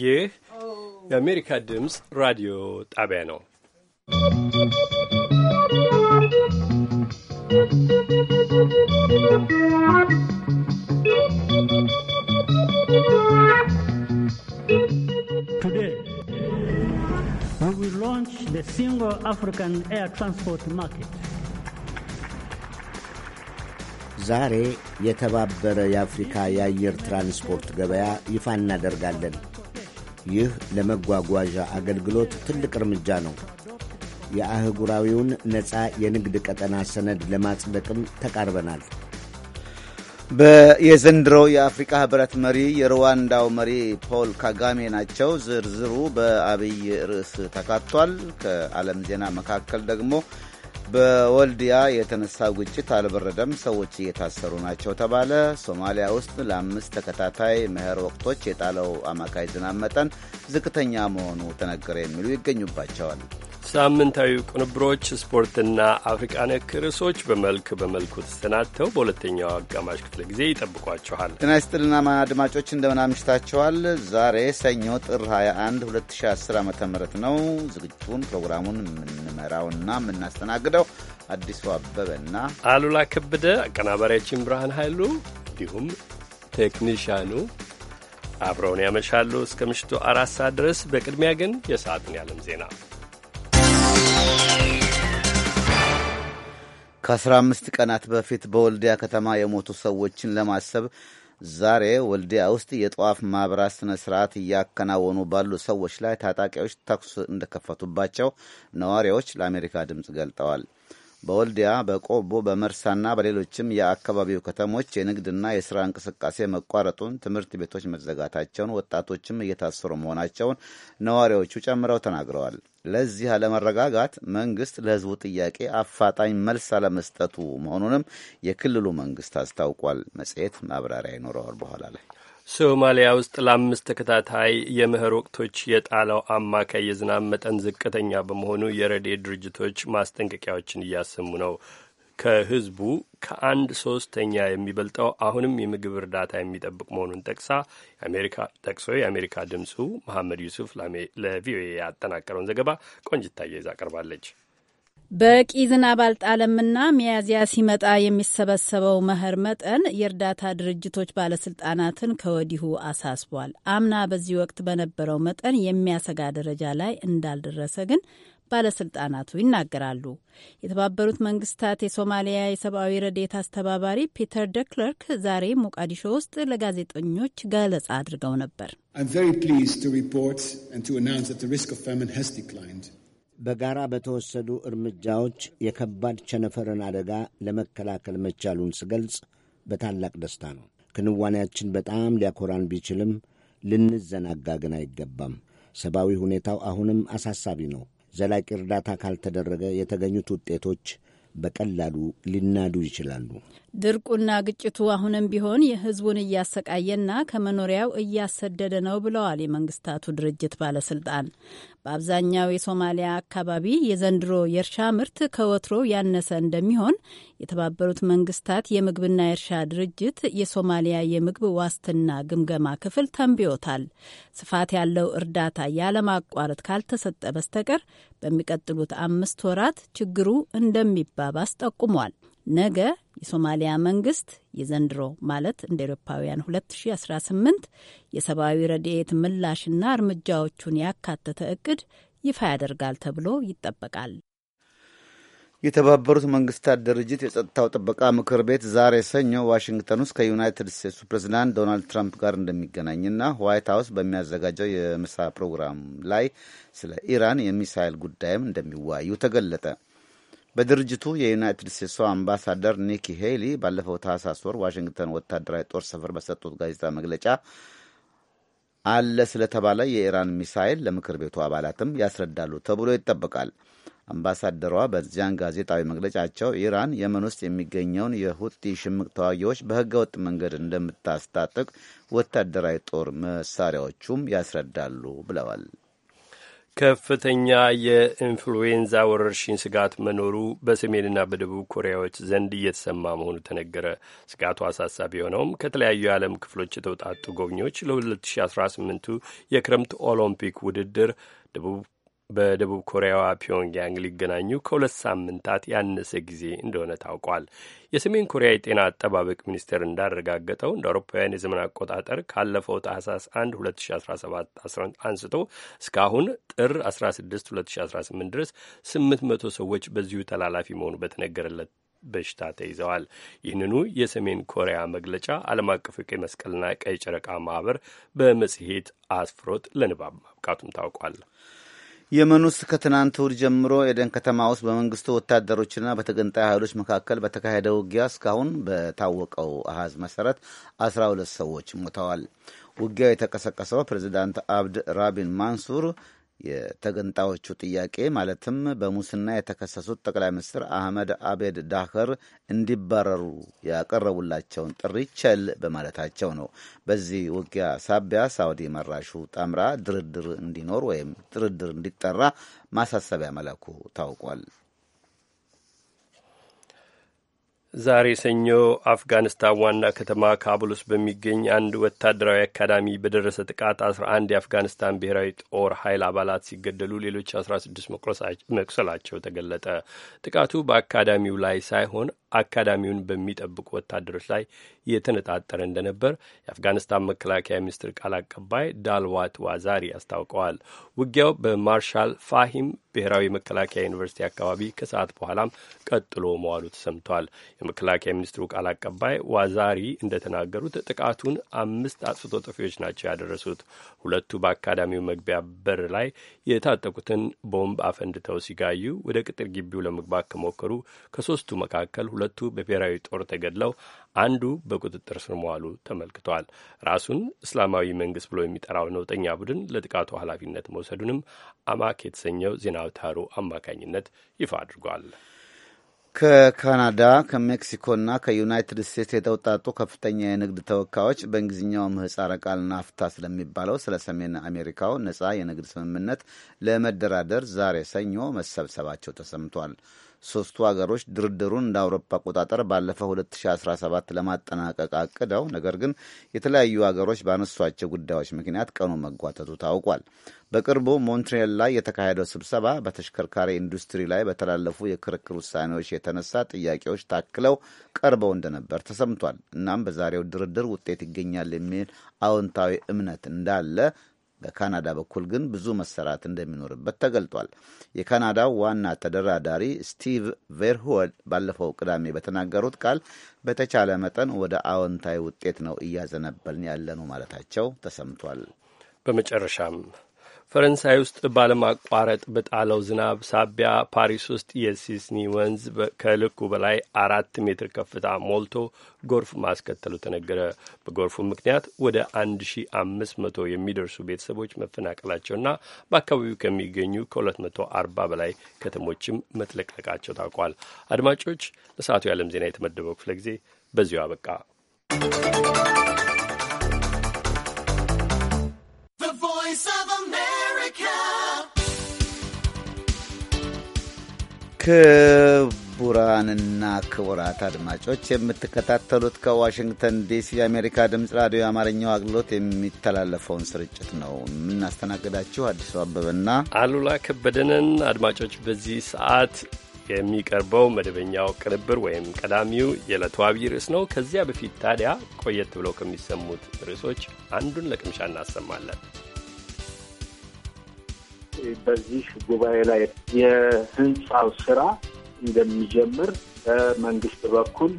ይህ የአሜሪካ ድምፅ ራዲዮ ጣቢያ ነው። Today, we will launch the single African air transport market. ዛሬ የተባበረ የአፍሪካ የአየር ትራንስፖርት ገበያ ይፋ እናደርጋለን። ይህ ለመጓጓዣ አገልግሎት ትልቅ እርምጃ ነው። የአህጉራዊውን ነፃ የንግድ ቀጠና ሰነድ ለማጽደቅም ተቃርበናል። የዘንድሮ የአፍሪካ ህብረት መሪ የሩዋንዳው መሪ ፖል ካጋሜ ናቸው። ዝርዝሩ በአብይ ርዕስ ተካቷል። ከዓለም ዜና መካከል ደግሞ በወልዲያ የተነሳው ግጭት አልበረደም። ሰዎች እየታሰሩ ናቸው ተባለ። ሶማሊያ ውስጥ ለአምስት ተከታታይ መኸር ወቅቶች የጣለው አማካይ ዝናብ መጠን ዝቅተኛ መሆኑ ተነገረ። የሚሉ ይገኙባቸዋል። ሳምንታዊ ቅንብሮች፣ ስፖርትና አፍሪቃ ነክ ርዕሶች በመልክ በመልኩ ተሰናድተው በሁለተኛው አጋማሽ ክፍለ ጊዜ ይጠብቋችኋል። ጤና ይስጥልና አድማጮች እንደምን አምሽታችኋል። ዛሬ ሰኞ ጥር 21 2010 ዓ ም ነው ዝግጅቱን ፕሮግራሙን የምንመራውና የምናስተናግደው አዲሱ አበበና አሉላ ከበደ አቀናባሪያችን ብርሃን ኃይሉ እንዲሁም ቴክኒሻኑ አብረውን ያመሻሉ እስከ ምሽቱ አራት ሰዓት ድረስ። በቅድሚያ ግን የሰዓቱን ያለም ዜና ከአስራ አምስት ቀናት በፊት በወልዲያ ከተማ የሞቱ ሰዎችን ለማሰብ ዛሬ ወልዲያ ውስጥ የጠዋፍ ማብራት ስነ ስርዓት እያከናወኑ ባሉ ሰዎች ላይ ታጣቂዎች ተኩስ እንደከፈቱባቸው ነዋሪዎች ለአሜሪካ ድምፅ ገልጠዋል። በወልዲያ በቆቦ በመርሳና በሌሎችም የአካባቢው ከተሞች የንግድና የሥራ እንቅስቃሴ መቋረጡን፣ ትምህርት ቤቶች መዘጋታቸውን፣ ወጣቶችም እየታሰሩ መሆናቸውን ነዋሪዎቹ ጨምረው ተናግረዋል። ለዚህ አለመረጋጋት መንግስት ለህዝቡ ጥያቄ አፋጣኝ መልስ አለመስጠቱ መሆኑንም የክልሉ መንግስት አስታውቋል። መጽሔት ማብራሪያ ይኖረዋል በኋላ ላይ ሶማሊያ ውስጥ ለአምስት ተከታታይ የምህር ወቅቶች የጣለው አማካይ የዝናብ መጠን ዝቅተኛ በመሆኑ የረድኤት ድርጅቶች ማስጠንቀቂያዎችን እያሰሙ ነው። ከህዝቡ ከአንድ ሶስተኛ የሚበልጠው አሁንም የምግብ እርዳታ የሚጠብቅ መሆኑን ጠቅሳ ጠቅሶ የአሜሪካ ድምፁ መሐመድ ዩሱፍ ለቪኦኤ ያጠናቀረውን ዘገባ ቆንጅታየ ይዛ ቀርባለች። በቂ ዝናብ አልጣለምና ሚያዝያ ሲመጣ የሚሰበሰበው መኸር መጠን የእርዳታ ድርጅቶች ባለስልጣናትን ከወዲሁ አሳስቧል። አምና በዚህ ወቅት በነበረው መጠን የሚያሰጋ ደረጃ ላይ እንዳልደረሰ ግን ባለስልጣናቱ ይናገራሉ። የተባበሩት መንግስታት የሶማሊያ የሰብአዊ ረዴት አስተባባሪ ፒተር ደክለርክ ዛሬ ሞቃዲሾ ውስጥ ለጋዜጠኞች ገለጻ አድርገው ነበር። በጋራ በተወሰዱ እርምጃዎች የከባድ ቸነፈርን አደጋ ለመከላከል መቻሉን ስገልጽ በታላቅ ደስታ ነው። ክንዋኔያችን በጣም ሊያኮራን ቢችልም ልንዘናጋ ግን አይገባም። ሰብአዊ ሁኔታው አሁንም አሳሳቢ ነው። ዘላቂ እርዳታ ካልተደረገ የተገኙት ውጤቶች በቀላሉ ሊናዱ ይችላሉ። ድርቁና ግጭቱ አሁንም ቢሆን የህዝቡን እያሰቃየና ከመኖሪያው እያሰደደ ነው ብለዋል የመንግስታቱ ድርጅት ባለስልጣን። በአብዛኛው የሶማሊያ አካባቢ የዘንድሮ የእርሻ ምርት ከወትሮ ያነሰ እንደሚሆን የተባበሩት መንግስታት የምግብና የእርሻ ድርጅት የሶማሊያ የምግብ ዋስትና ግምገማ ክፍል ተንብዮታል። ስፋት ያለው እርዳታ ያለማቋረጥ ካልተሰጠ በስተቀር በሚቀጥሉት አምስት ወራት ችግሩ እንደሚባባስ ጠቁሟል። ነገ የሶማሊያ መንግስት የዘንድሮ ማለት እንደ ኤሮፓውያን 2018 የሰብአዊ ረድኤት ምላሽና እርምጃዎቹን ያካተተ እቅድ ይፋ ያደርጋል ተብሎ ይጠበቃል። የተባበሩት መንግስታት ድርጅት የጸጥታው ጥበቃ ምክር ቤት ዛሬ ሰኞ ዋሽንግተን ውስጥ ከዩናይትድ ስቴትሱ ፕሬዚዳንት ዶናልድ ትራምፕ ጋር እንደሚገናኝና ዋይት ሀውስ በሚያዘጋጀው የምሳ ፕሮግራም ላይ ስለ ኢራን የሚሳይል ጉዳይም እንደሚወያዩ ተገለጠ። በድርጅቱ የዩናይትድ ስቴትሷ አምባሳደር ኒኪ ሄይሊ ባለፈው ታህሳስ ወር ዋሽንግተን ወታደራዊ ጦር ሰፈር በሰጡት ጋዜጣ መግለጫ አለ ስለተባለ የኢራን ሚሳይል ለምክር ቤቱ አባላትም ያስረዳሉ ተብሎ ይጠበቃል። አምባሳደሯ በዚያን ጋዜጣዊ መግለጫቸው ኢራን የመን ውስጥ የሚገኘውን የሁቲ ሽምቅ ተዋጊዎች በህገወጥ መንገድ እንደምታስታጥቅ ወታደራዊ ጦር መሳሪያዎቹም ያስረዳሉ ብለዋል። ከፍተኛ የኢንፍሉዌንዛ ወረርሽኝ ስጋት መኖሩ በሰሜንና በደቡብ ኮሪያዎች ዘንድ እየተሰማ መሆኑ ተነገረ። ስጋቱ አሳሳቢ የሆነውም ከተለያዩ የዓለም ክፍሎች የተውጣጡ ጎብኚዎች ለ2018ቱ የክረምት ኦሎምፒክ ውድድር ደቡብ በደቡብ ኮሪያዋ ፒዮንግያንግ ሊገናኙ ከሁለት ሳምንታት ያነሰ ጊዜ እንደሆነ ታውቋል። የሰሜን ኮሪያ የጤና አጠባበቅ ሚኒስቴር እንዳረጋገጠው እንደ አውሮፓውያን የዘመን አቆጣጠር ካለፈው ታህሳስ 1 2017 አንስቶ እስካሁን ጥር 16 2018 ድረስ 800 ሰዎች በዚሁ ተላላፊ መሆኑ በተነገረለት በሽታ ተይዘዋል። ይህንኑ የሰሜን ኮሪያ መግለጫ ዓለም አቀፉ ቀይ መስቀልና ቀይ ጨረቃ ማህበር በመጽሔት አስፍሮት ለንባብ ማብቃቱም ታውቋል። የመን ውስጥ ከትናንት እሁድ ጀምሮ ኤደን ከተማ ውስጥ በመንግስቱ ወታደሮችና በተገንጣይ ኃይሎች መካከል በተካሄደ ውጊያ እስካሁን በታወቀው አሃዝ መሰረት 12 ሰዎች ሞተዋል። ውጊያው የተቀሰቀሰው ፕሬዚዳንት አብድ ራቢን ማንሱር የተገንጣዮቹ ጥያቄ ማለትም በሙስና የተከሰሱት ጠቅላይ ሚኒስትር አህመድ አቤድ ዳከር እንዲባረሩ ያቀረቡላቸውን ጥሪ ቸል በማለታቸው ነው። በዚህ ውጊያ ሳቢያ ሳውዲ መራሹ ጣምራ ድርድር እንዲኖር ወይም ድርድር እንዲጠራ ማሳሰቢያ መላኩ ታውቋል። ዛሬ ሰኞ አፍጋኒስታን ዋና ከተማ ካቡል ውስጥ በሚገኝ አንድ ወታደራዊ አካዳሚ በደረሰ ጥቃት አስራ አንድ የአፍጋኒስታን ብሔራዊ ጦር ኃይል አባላት ሲገደሉ ሌሎች አስራ ስድስት መቁሰላቸው ተገለጠ። ጥቃቱ በአካዳሚው ላይ ሳይሆን አካዳሚውን በሚጠብቁ ወታደሮች ላይ የተነጣጠረ እንደነበር የአፍጋኒስታን መከላከያ ሚኒስትር ቃል አቀባይ ዳልዋት ዋዛሪ አስታውቀዋል። ውጊያው በማርሻል ፋሂም ብሔራዊ መከላከያ ዩኒቨርሲቲ አካባቢ ከሰዓት በኋላም ቀጥሎ መዋሉ ተሰምቷል። የመከላከያ ሚኒስትሩ ቃል አቀባይ ዋዛሪ እንደተናገሩት ጥቃቱን አምስት አጥፍቶ ጠፊዎች ናቸው ያደረሱት። ሁለቱ በአካዳሚው መግቢያ በር ላይ የታጠቁትን ቦምብ አፈንድተው ሲጋዩ ወደ ቅጥር ግቢው ለመግባት ከሞከሩ ከሶስቱ መካከል ሁለቱ በብሔራዊ ጦር ተገድለው አንዱ በቁጥጥር ስር መዋሉ ተመልክቷል። ራሱን እስላማዊ መንግስት ብሎ የሚጠራው ነውጠኛ ቡድን ለጥቃቱ ኃላፊነት መውሰዱንም አማክ የተሰኘው ዜና አውታሩ አማካኝነት ይፋ አድርጓል። ከካናዳ ከሜክሲኮና ከዩናይትድ ስቴትስ የተውጣጡ ከፍተኛ የንግድ ተወካዮች በእንግሊዝኛው ምህጻረ ቃል ናፍታ ስለሚባለው ስለ ሰሜን አሜሪካው ነጻ የንግድ ስምምነት ለመደራደር ዛሬ ሰኞ መሰብሰባቸው ተሰምቷል። ሶስቱ አገሮች ድርድሩን እንደ አውሮፓ አቆጣጠር ባለፈው 2017 ለማጠናቀቅ አቅደው፣ ነገር ግን የተለያዩ አገሮች ባነሷቸው ጉዳዮች ምክንያት ቀኑ መጓተቱ ታውቋል። በቅርቡ ሞንትሪያል ላይ የተካሄደው ስብሰባ በተሽከርካሪ ኢንዱስትሪ ላይ በተላለፉ የክርክር ውሳኔዎች የተነሳ ጥያቄዎች ታክለው ቀርበው እንደነበር ተሰምቷል። እናም በዛሬው ድርድር ውጤት ይገኛል የሚል አዎንታዊ እምነት እንዳለ በካናዳ በኩል ግን ብዙ መሰራት እንደሚኖርበት ተገልጧል። የካናዳው ዋና ተደራዳሪ ስቲቭ ቬርሆል ባለፈው ቅዳሜ በተናገሩት ቃል በተቻለ መጠን ወደ አዎንታዊ ውጤት ነው እያዘነበልን ያለነው ማለታቸው ተሰምቷል። በመጨረሻም ፈረንሳይ ውስጥ ባለማቋረጥ በጣለው ዝናብ ሳቢያ ፓሪስ ውስጥ የሲስኒ ወንዝ ከልኩ በላይ አራት ሜትር ከፍታ ሞልቶ ጎርፍ ማስከተሉ ተነገረ። በጎርፉ ምክንያት ወደ 1500 የሚደርሱ ቤተሰቦች መፈናቀላቸውና በአካባቢው ከሚገኙ ከ240 በላይ ከተሞችም መጥለቅለቃቸው ታውቋል። አድማጮች፣ ለሰዓቱ የዓለም ዜና የተመደበው ክፍለ ጊዜ በዚሁ አበቃ። ክቡራንና ክቡራት አድማጮች የምትከታተሉት ከዋሽንግተን ዲሲ የአሜሪካ ድምፅ ራዲዮ የአማርኛው አገልግሎት የሚተላለፈውን ስርጭት ነው። የምናስተናግዳችሁ አዲሱ አበበና አሉላ ከበደንን። አድማጮች በዚህ ሰዓት የሚቀርበው መደበኛው ቅንብር ወይም ቀዳሚው የዕለቱ አብይ ርዕስ ነው። ከዚያ በፊት ታዲያ ቆየት ብለው ከሚሰሙት ርዕሶች አንዱን ለቅምሻ እናሰማለን። በዚህ ጉባኤ ላይ የህንፃው ስራ እንደሚጀምር በመንግስት በኩል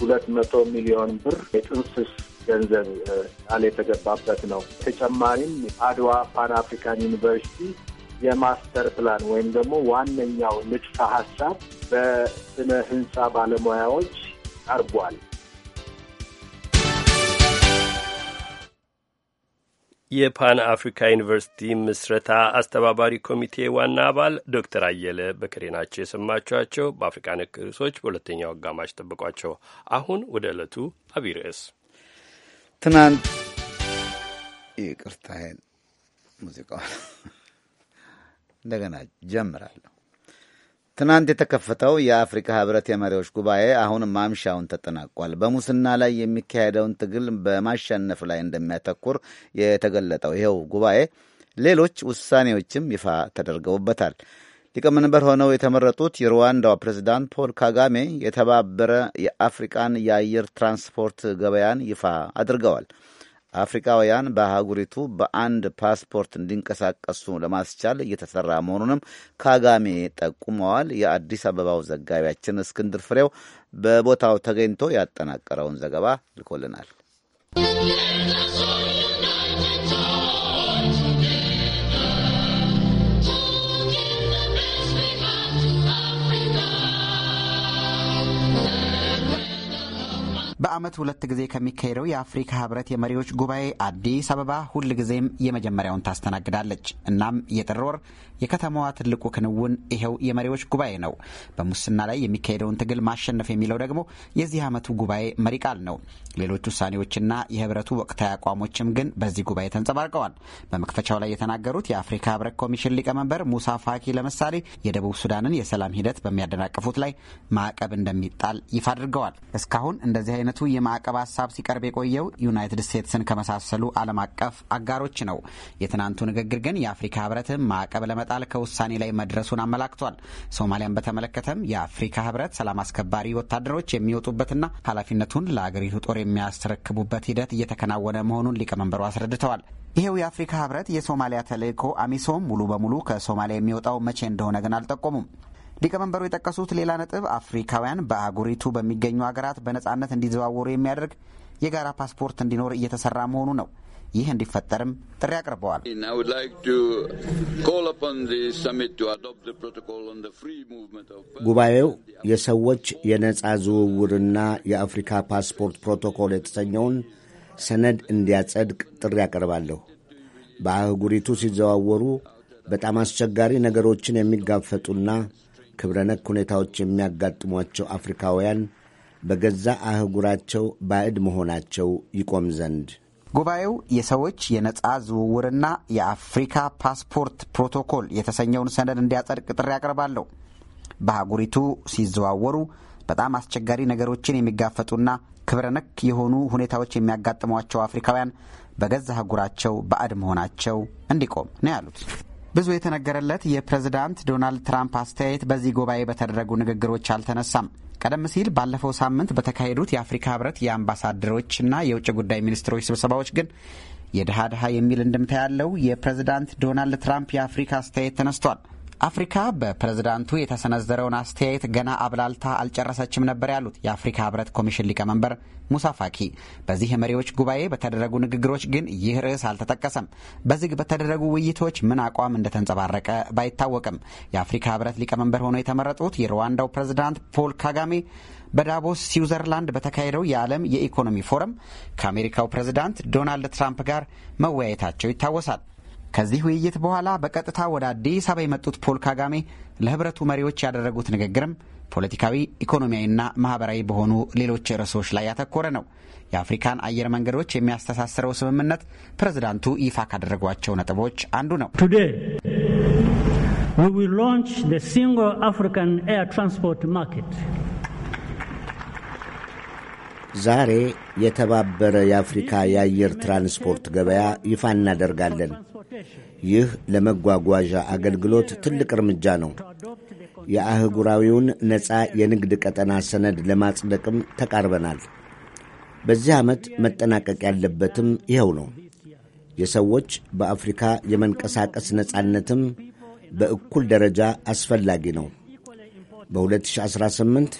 ሁለት መቶ ሚሊዮን ብር የጥንስስ ገንዘብ ቃል የተገባበት ነው። ተጨማሪም አድዋ ፓን አፍሪካን ዩኒቨርሲቲ የማስተር ፕላን ወይም ደግሞ ዋነኛው ንድፈ ሀሳብ በስነ ህንፃ ባለሙያዎች ቀርቧል። የፓን አፍሪካ ዩኒቨርሲቲ ምስረታ አስተባባሪ ኮሚቴ ዋና አባል ዶክተር አየለ በከሬ ናቸው የሰማችኋቸው። በአፍሪካ ነክ ርዕሶች በሁለተኛው አጋማሽ ጠብቋቸው። አሁን ወደ ዕለቱ አብይ ርዕስ ትናንት ይቅርታ፣ ሙዚቃ እንደገና ጀምራለሁ። ትናንት የተከፈተው የአፍሪካ ህብረት የመሪዎች ጉባኤ አሁን ማምሻውን ተጠናቋል። በሙስና ላይ የሚካሄደውን ትግል በማሸነፍ ላይ እንደሚያተኩር የተገለጠው ይኸው ጉባኤ ሌሎች ውሳኔዎችም ይፋ ተደርገውበታል። ሊቀመንበር ሆነው የተመረጡት የሩዋንዳው ፕሬዚዳንት ፖል ካጋሜ የተባበረ የአፍሪቃን የአየር ትራንስፖርት ገበያን ይፋ አድርገዋል። አፍሪካውያን በአህጉሪቱ በአንድ ፓስፖርት እንዲንቀሳቀሱ ለማስቻል እየተሰራ መሆኑንም ካጋሜ ጠቁመዋል። የአዲስ አበባው ዘጋቢያችን እስክንድር ፍሬው በቦታው ተገኝቶ ያጠናቀረውን ዘገባ ልኮልናል። በአመት ሁለት ጊዜ ከሚካሄደው የአፍሪካ ህብረት የመሪዎች ጉባኤ አዲስ አበባ ሁልጊዜም የመጀመሪያውን ታስተናግዳለች። እናም የጥር ወር የከተማዋ ትልቁ ክንውን ይኸው የመሪዎች ጉባኤ ነው። በሙስና ላይ የሚካሄደውን ትግል ማሸነፍ የሚለው ደግሞ የዚህ ዓመቱ ጉባኤ መሪ ቃል ነው። ሌሎች ውሳኔዎችና የህብረቱ ወቅታዊ አቋሞችም ግን በዚህ ጉባኤ ተንጸባርቀዋል። በመክፈቻው ላይ የተናገሩት የአፍሪካ ህብረት ኮሚሽን ሊቀመንበር ሙሳ ፋኪ ለምሳሌ የደቡብ ሱዳንን የሰላም ሂደት በሚያደናቅፉት ላይ ማዕቀብ እንደሚጣል ይፋ አድርገዋል። እስካሁን እንደዚህ አይነት አይነቱ የማዕቀብ ሀሳብ ሲቀርብ የቆየው ዩናይትድ ስቴትስን ከመሳሰሉ ዓለም አቀፍ አጋሮች ነው። የትናንቱ ንግግር ግን የአፍሪካ ህብረትም ማዕቀብ ለመጣል ከውሳኔ ላይ መድረሱን አመላክቷል። ሶማሊያን በተመለከተም የአፍሪካ ህብረት ሰላም አስከባሪ ወታደሮች የሚወጡበትና ኃላፊነቱን ለአገሪቱ ጦር የሚያስረክቡበት ሂደት እየተከናወነ መሆኑን ሊቀመንበሩ አስረድተዋል። ይሄው የአፍሪካ ህብረት የሶማሊያ ተልእኮ አሚሶም ሙሉ በሙሉ ከሶማሊያ የሚወጣው መቼ እንደሆነ ግን አልጠቆሙም። ሊቀመንበሩ የጠቀሱት ሌላ ነጥብ አፍሪካውያን በአህጉሪቱ በሚገኙ ሀገራት በነጻነት እንዲዘዋወሩ የሚያደርግ የጋራ ፓስፖርት እንዲኖር እየተሰራ መሆኑ ነው። ይህ እንዲፈጠርም ጥሪ አቅርበዋል። ጉባኤው የሰዎች የነጻ ዝውውርና የአፍሪካ ፓስፖርት ፕሮቶኮል የተሰኘውን ሰነድ እንዲያጸድቅ ጥሪ አቀርባለሁ። በአህጉሪቱ ሲዘዋወሩ በጣም አስቸጋሪ ነገሮችን የሚጋፈጡና ክብረነክ ሁኔታዎች የሚያጋጥሟቸው አፍሪካውያን በገዛ አህጉራቸው ባዕድ መሆናቸው ይቆም ዘንድ ጉባኤው የሰዎች የነጻ ዝውውርና የአፍሪካ ፓስፖርት ፕሮቶኮል የተሰኘውን ሰነድ እንዲያጸድቅ ጥሪ አቀርባለሁ። በአህጉሪቱ ሲዘዋወሩ በጣም አስቸጋሪ ነገሮችን የሚጋፈጡና ክብረነክ የሆኑ ሁኔታዎች የሚያጋጥሟቸው አፍሪካውያን በገዛ አህጉራቸው ባዕድ መሆናቸው እንዲቆም ነው ያሉት። ብዙ የተነገረለት የፕሬዝዳንት ዶናልድ ትራምፕ አስተያየት በዚህ ጉባኤ በተደረጉ ንግግሮች አልተነሳም። ቀደም ሲል ባለፈው ሳምንት በተካሄዱት የአፍሪካ ህብረት የአምባሳደሮችና የውጭ ጉዳይ ሚኒስትሮች ስብሰባዎች ግን የድሃ ድሃ የሚል እንድምታ ያለው የፕሬዝዳንት ዶናልድ ትራምፕ የአፍሪካ አስተያየት ተነስቷል። አፍሪካ በፕሬዝዳንቱ የተሰነዘረውን አስተያየት ገና አብላልታ አልጨረሰችም ነበር ያሉት የአፍሪካ ህብረት ኮሚሽን ሊቀመንበር ሙሳ ፋኪ በዚህ የመሪዎች ጉባኤ በተደረጉ ንግግሮች ግን ይህ ርዕስ አልተጠቀሰም። በዝግ በተደረጉ ውይይቶች ምን አቋም እንደተንጸባረቀ ባይታወቅም የአፍሪካ ህብረት ሊቀመንበር ሆነው የተመረጡት የሩዋንዳው ፕሬዝዳንት ፖል ካጋሜ በዳቦስ ስዊዘርላንድ በተካሄደው የዓለም የኢኮኖሚ ፎረም ከአሜሪካው ፕሬዝዳንት ዶናልድ ትራምፕ ጋር መወያየታቸው ይታወሳል። ከዚህ ውይይት በኋላ በቀጥታ ወደ አዲስ አበባ የመጡት ፖል ካጋሜ ለህብረቱ መሪዎች ያደረጉት ንግግርም ፖለቲካዊ፣ ኢኮኖሚያዊና ማህበራዊ በሆኑ ሌሎች ርዕሶች ላይ ያተኮረ ነው። የአፍሪካን አየር መንገዶች የሚያስተሳስረው ስምምነት ፕሬዝዳንቱ ይፋ ካደረጓቸው ነጥቦች አንዱ ነው። ዛሬ የተባበረ የአፍሪካ የአየር ትራንስፖርት ገበያ ይፋ እናደርጋለን። ይህ ለመጓጓዣ አገልግሎት ትልቅ እርምጃ ነው። የአህጉራዊውን ነፃ የንግድ ቀጠና ሰነድ ለማጽደቅም ተቃርበናል። በዚህ ዓመት መጠናቀቅ ያለበትም ይኸው ነው። የሰዎች በአፍሪካ የመንቀሳቀስ ነፃነትም በእኩል ደረጃ አስፈላጊ ነው። በ2018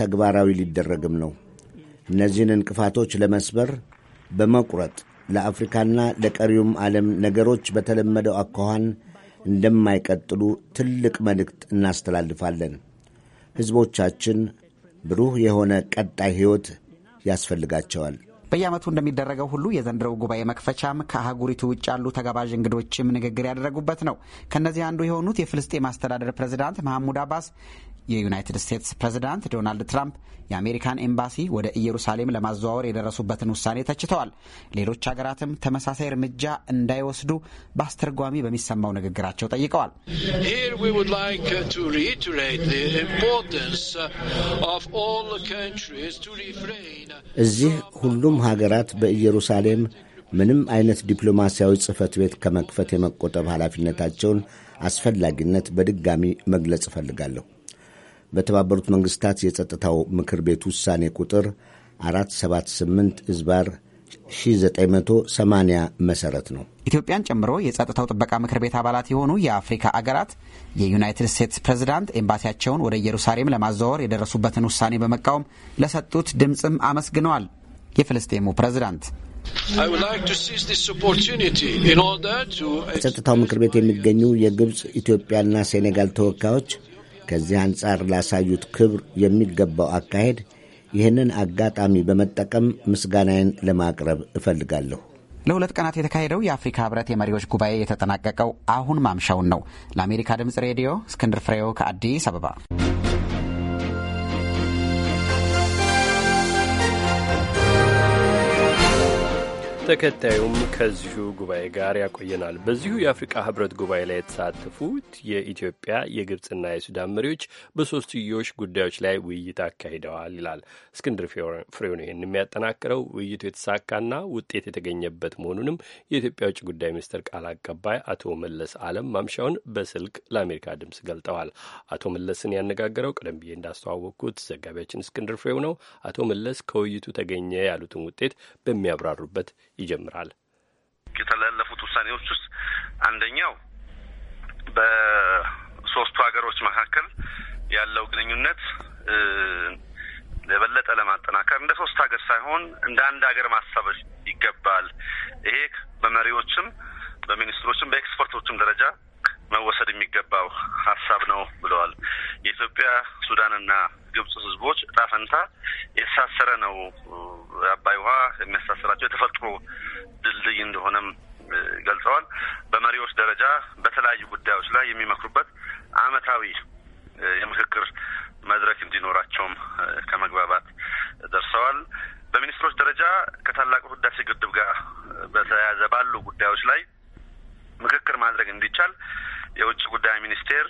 ተግባራዊ ሊደረግም ነው። እነዚህን እንቅፋቶች ለመስበር በመቁረጥ ለአፍሪካና ለቀሪውም ዓለም ነገሮች በተለመደው አኳኋን እንደማይቀጥሉ ትልቅ መልእክት እናስተላልፋለን። ሕዝቦቻችን ብሩህ የሆነ ቀጣይ ሕይወት ያስፈልጋቸዋል። በየዓመቱ እንደሚደረገው ሁሉ የዘንድሮው ጉባኤ መክፈቻም ከአህጉሪቱ ውጭ ያሉ ተጋባዥ እንግዶችም ንግግር ያደረጉበት ነው። ከእነዚህ አንዱ የሆኑት የፍልስጤም አስተዳደር ፕሬዚዳንት መሐሙድ አባስ የዩናይትድ ስቴትስ ፕሬዝዳንት ዶናልድ ትራምፕ የአሜሪካን ኤምባሲ ወደ ኢየሩሳሌም ለማዘዋወር የደረሱበትን ውሳኔ ተችተዋል። ሌሎች ሀገራትም ተመሳሳይ እርምጃ እንዳይወስዱ በአስተርጓሚ በሚሰማው ንግግራቸው ጠይቀዋል። እዚህ ሁሉም ሀገራት በኢየሩሳሌም ምንም አይነት ዲፕሎማሲያዊ ጽህፈት ቤት ከመክፈት የመቆጠብ ኃላፊነታቸውን አስፈላጊነት በድጋሚ መግለጽ እፈልጋለሁ። በተባበሩት መንግስታት የጸጥታው ምክር ቤት ውሳኔ ቁጥር 478 እዝባር 1980 መሰረት ነው። ኢትዮጵያን ጨምሮ የጸጥታው ጥበቃ ምክር ቤት አባላት የሆኑ የአፍሪካ አገራት የዩናይትድ ስቴትስ ፕሬዝዳንት ኤምባሲያቸውን ወደ ኢየሩሳሌም ለማዛወር የደረሱበትን ውሳኔ በመቃወም ለሰጡት ድምፅም አመስግነዋል። የፍልስጤሙ ፕሬዝዳንት ጸጥታው ምክር ቤት የሚገኙ የግብፅ ኢትዮጵያና ሴኔጋል ተወካዮች ከዚህ አንጻር ላሳዩት ክብር የሚገባው አካሄድ ይህንን አጋጣሚ በመጠቀም ምስጋናዬን ለማቅረብ እፈልጋለሁ። ለሁለት ቀናት የተካሄደው የአፍሪካ ህብረት የመሪዎች ጉባኤ የተጠናቀቀው አሁን ማምሻውን ነው። ለአሜሪካ ድምፅ ሬዲዮ እስክንድር ፍሬው ከአዲስ አበባ ተከታዩም ከዚሁ ጉባኤ ጋር ያቆየናል። በዚሁ የአፍሪቃ ህብረት ጉባኤ ላይ የተሳተፉት የኢትዮጵያ የግብጽና የሱዳን መሪዎች በሶስትዮሽ ጉዳዮች ላይ ውይይት አካሂደዋል ይላል እስክንድር ፍሬውን። ይህን የሚያጠናክረው ውይይቱ የተሳካና ውጤት የተገኘበት መሆኑንም የኢትዮጵያ ውጭ ጉዳይ ሚኒስትር ቃል አቀባይ አቶ መለስ አለም ማምሻውን በስልክ ለአሜሪካ ድምፅ ገልጠዋል። አቶ መለስን ያነጋገረው ቀደም ብዬ እንዳስተዋወቅኩት ዘጋቢያችን እስክንድር ፍሬው ነው። አቶ መለስ ከውይይቱ ተገኘ ያሉትን ውጤት በሚያብራሩበት ይጀምራል። የተላለፉት ውሳኔዎች ውስጥ አንደኛው በሶስቱ ሀገሮች መካከል ያለው ግንኙነት የበለጠ ለማጠናከር እንደ ሶስት ሀገር ሳይሆን እንደ አንድ ሀገር ማሰብ ይገባል። ይሄ በመሪዎችም በሚኒስትሮችም በኤክስፐርቶችም ደረጃ መወሰድ የሚገባው ሀሳብ ነው ብለዋል። የኢትዮጵያ ሱዳንና ግብጽ ህዝቦች እጣ ፈንታ የተሳሰረ ነው አባይ ውሃ የሚያሳስራቸው የተፈጥሮ ድልድይ እንደሆነም ገልጸዋል። በመሪዎች ደረጃ በተለያዩ ጉዳዮች ላይ የሚመክሩበት አመታዊ የምክክር መድረክ እንዲኖራቸውም ከመግባባት ደርሰዋል። በሚኒስትሮች ደረጃ ከታላቁ ህዳሴ ግድብ ጋር በተያያዘ ባሉ ጉዳዮች ላይ ምክክር ማድረግ እንዲቻል የውጭ ጉዳይ ሚኒስቴር፣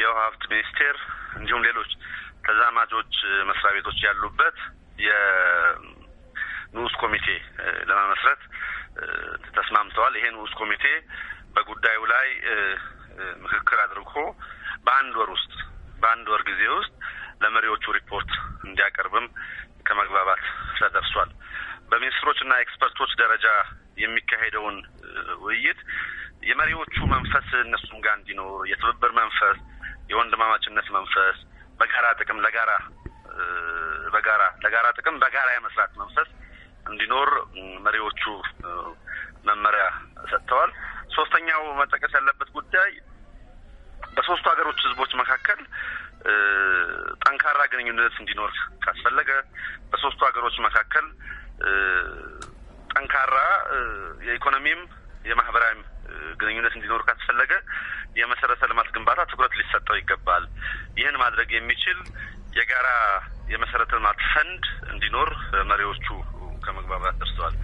የውሃ ሀብት ሚኒስቴር እንዲሁም ሌሎች ተዛማጆች መስሪያ ቤቶች ያሉበት ንዑስ ኮሚቴ ለመመስረት ተስማምተዋል። ይሄ ንዑስ ኮሚቴ በጉዳዩ ላይ ምክክር አድርጎ በአንድ ወር ውስጥ በአንድ ወር ጊዜ ውስጥ ለመሪዎቹ ሪፖርት እንዲያቀርብም ከመግባባት ተደርሷል። በሚኒስትሮችና ኤክስፐርቶች ደረጃ የሚካሄደውን ውይይት የመሪዎቹ መንፈስ እነሱም ጋር እንዲኖር የትብብር መንፈስ፣ የወንድማማችነት መንፈስ፣ በጋራ ጥቅም ለጋራ በጋራ ለጋራ ጥቅም በጋራ የመስራት መንፈስ እንዲኖር መሪዎቹ መመሪያ ሰጥተዋል። ሶስተኛው መጠቀስ ያለበት ጉዳይ በሶስቱ ሀገሮች ህዝቦች መካከል ጠንካራ ግንኙነት እንዲኖር ካስፈለገ በሶስቱ ሀገሮች መካከል ጠንካራ የኢኮኖሚም የማህበራዊም ግንኙነት እንዲኖር ካስፈለገ የመሰረተ ልማት ግንባታ ትኩረት ሊሰጠው ይገባል። ይህን ማድረግ የሚችል የጋራ የመሰረተ ልማት ፈንድ እንዲኖር መሪዎቹ ከመግባባት ደርሰዋል።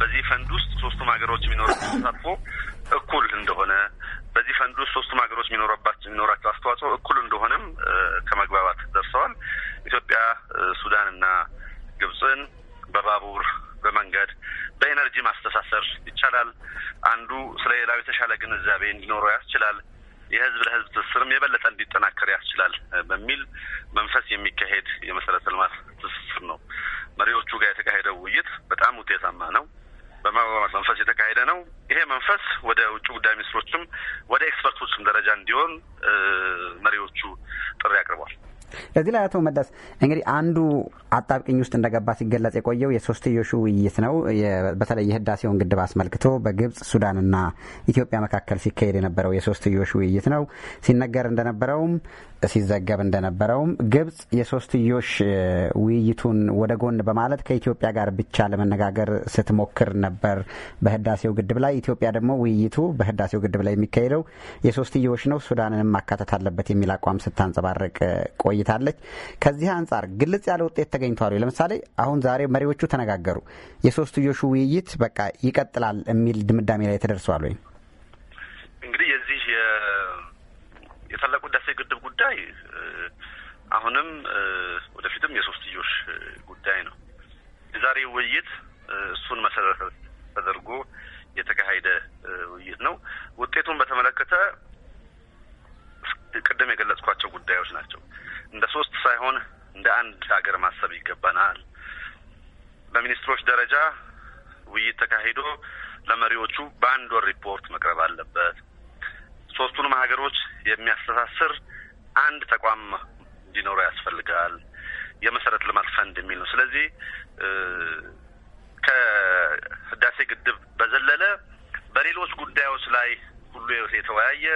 በዚህ ፈንድ ውስጥ ሶስቱም ሀገሮች የሚኖረው ተሳትፎ እኩል እንደሆነ በዚህ ፈንድ ውስጥ ሶስቱም ሀገሮች የሚኖረባቸው የሚኖራቸው አስተዋጽኦ እኩል እንደሆነም ከመግባባት ደርሰዋል። ኢትዮጵያ ሱዳንና ግብፅን በባቡር በመንገድ በኤነርጂ ማስተሳሰር ይቻላል። አንዱ ስለ ሌላው የተሻለ ግንዛቤ እንዲኖረው ያስችላል። የህዝብ ለህዝብ ትስስርም የበለጠ እንዲጠናከር ያስችላል በሚል መንፈስ የሚካሄድ የመሰረተ ልማት ትስስር ነው። መሪዎቹ ጋር የተካሄደው ውይይት በጣም ውጤታማ ነው። በመግባባት መንፈስ የተካሄደ ነው። ይሄ መንፈስ ወደ ውጭ ጉዳይ ሚኒስትሮችም ወደ ኤክስፐርቶችም ደረጃ እንዲሆን መሪዎቹ ጥሪ አቅርቧል። እዚህ ላይ አቶ መለስ እንግዲህ አንዱ አጣብቅኝ ውስጥ እንደገባ ሲገለጽ የቆየው የሶስትዮሹ ውይይት ነው። በተለይ የህዳሴውን ግድብ አስመልክቶ በግብጽ ሱዳንና ኢትዮጵያ መካከል ሲካሄድ የነበረው የሶስትዮሽ ውይይት ነው። ሲነገር እንደነበረውም ሲዘገብ እንደነበረውም ግብጽ የሶስትዮሽ ውይይቱን ወደ ጎን በማለት ከኢትዮጵያ ጋር ብቻ ለመነጋገር ስትሞክር ነበር በህዳሴው ግድብ ላይ። ኢትዮጵያ ደግሞ ውይይቱ በህዳሴው ግድብ ላይ የሚካሄደው የሶስትዮሽ ነው፣ ሱዳንንም ማካተት አለበት የሚል አቋም ስታንጸባርቅ ቆይታለች። ከዚህ አንጻር ግልጽ ያለ ውጤት ተገኝቷል። ለምሳሌ አሁን ዛሬ መሪዎቹ ተነጋገሩ። የሶስትዮሹ ውይይት በቃ ይቀጥላል የሚል ድምዳሜ ላይ ተደርሷል ወይም እንግዲህ የዚህ የታላቁ ህዳሴ ግድብ ጉዳይ አሁንም ወደፊትም የሶስትዮሽ ጉዳይ ነው። የዛሬ ውይይት እሱን መሰረት ተደርጎ የተካሄደ ውይይት ነው። ውጤቱን በተመለከተ ቅድም የገለጽኳቸው ጉዳዮች ናቸው። እንደ ሶስት ሳይሆን እንደ አንድ ሀገር ማሰብ ይገባናል። በሚኒስትሮች ደረጃ ውይይት ተካሂዶ ለመሪዎቹ በአንድ ወር ሪፖርት መቅረብ አለበት። ሶስቱንም ሀገሮች የሚያስተሳስር አንድ ተቋም እንዲኖረው ያስፈልጋል። የመሰረተ ልማት ፈንድ የሚል ነው። ስለዚህ ከህዳሴ ግድብ በዘለለ በሌሎች ጉዳዮች ላይ ሁሉ የተወያየ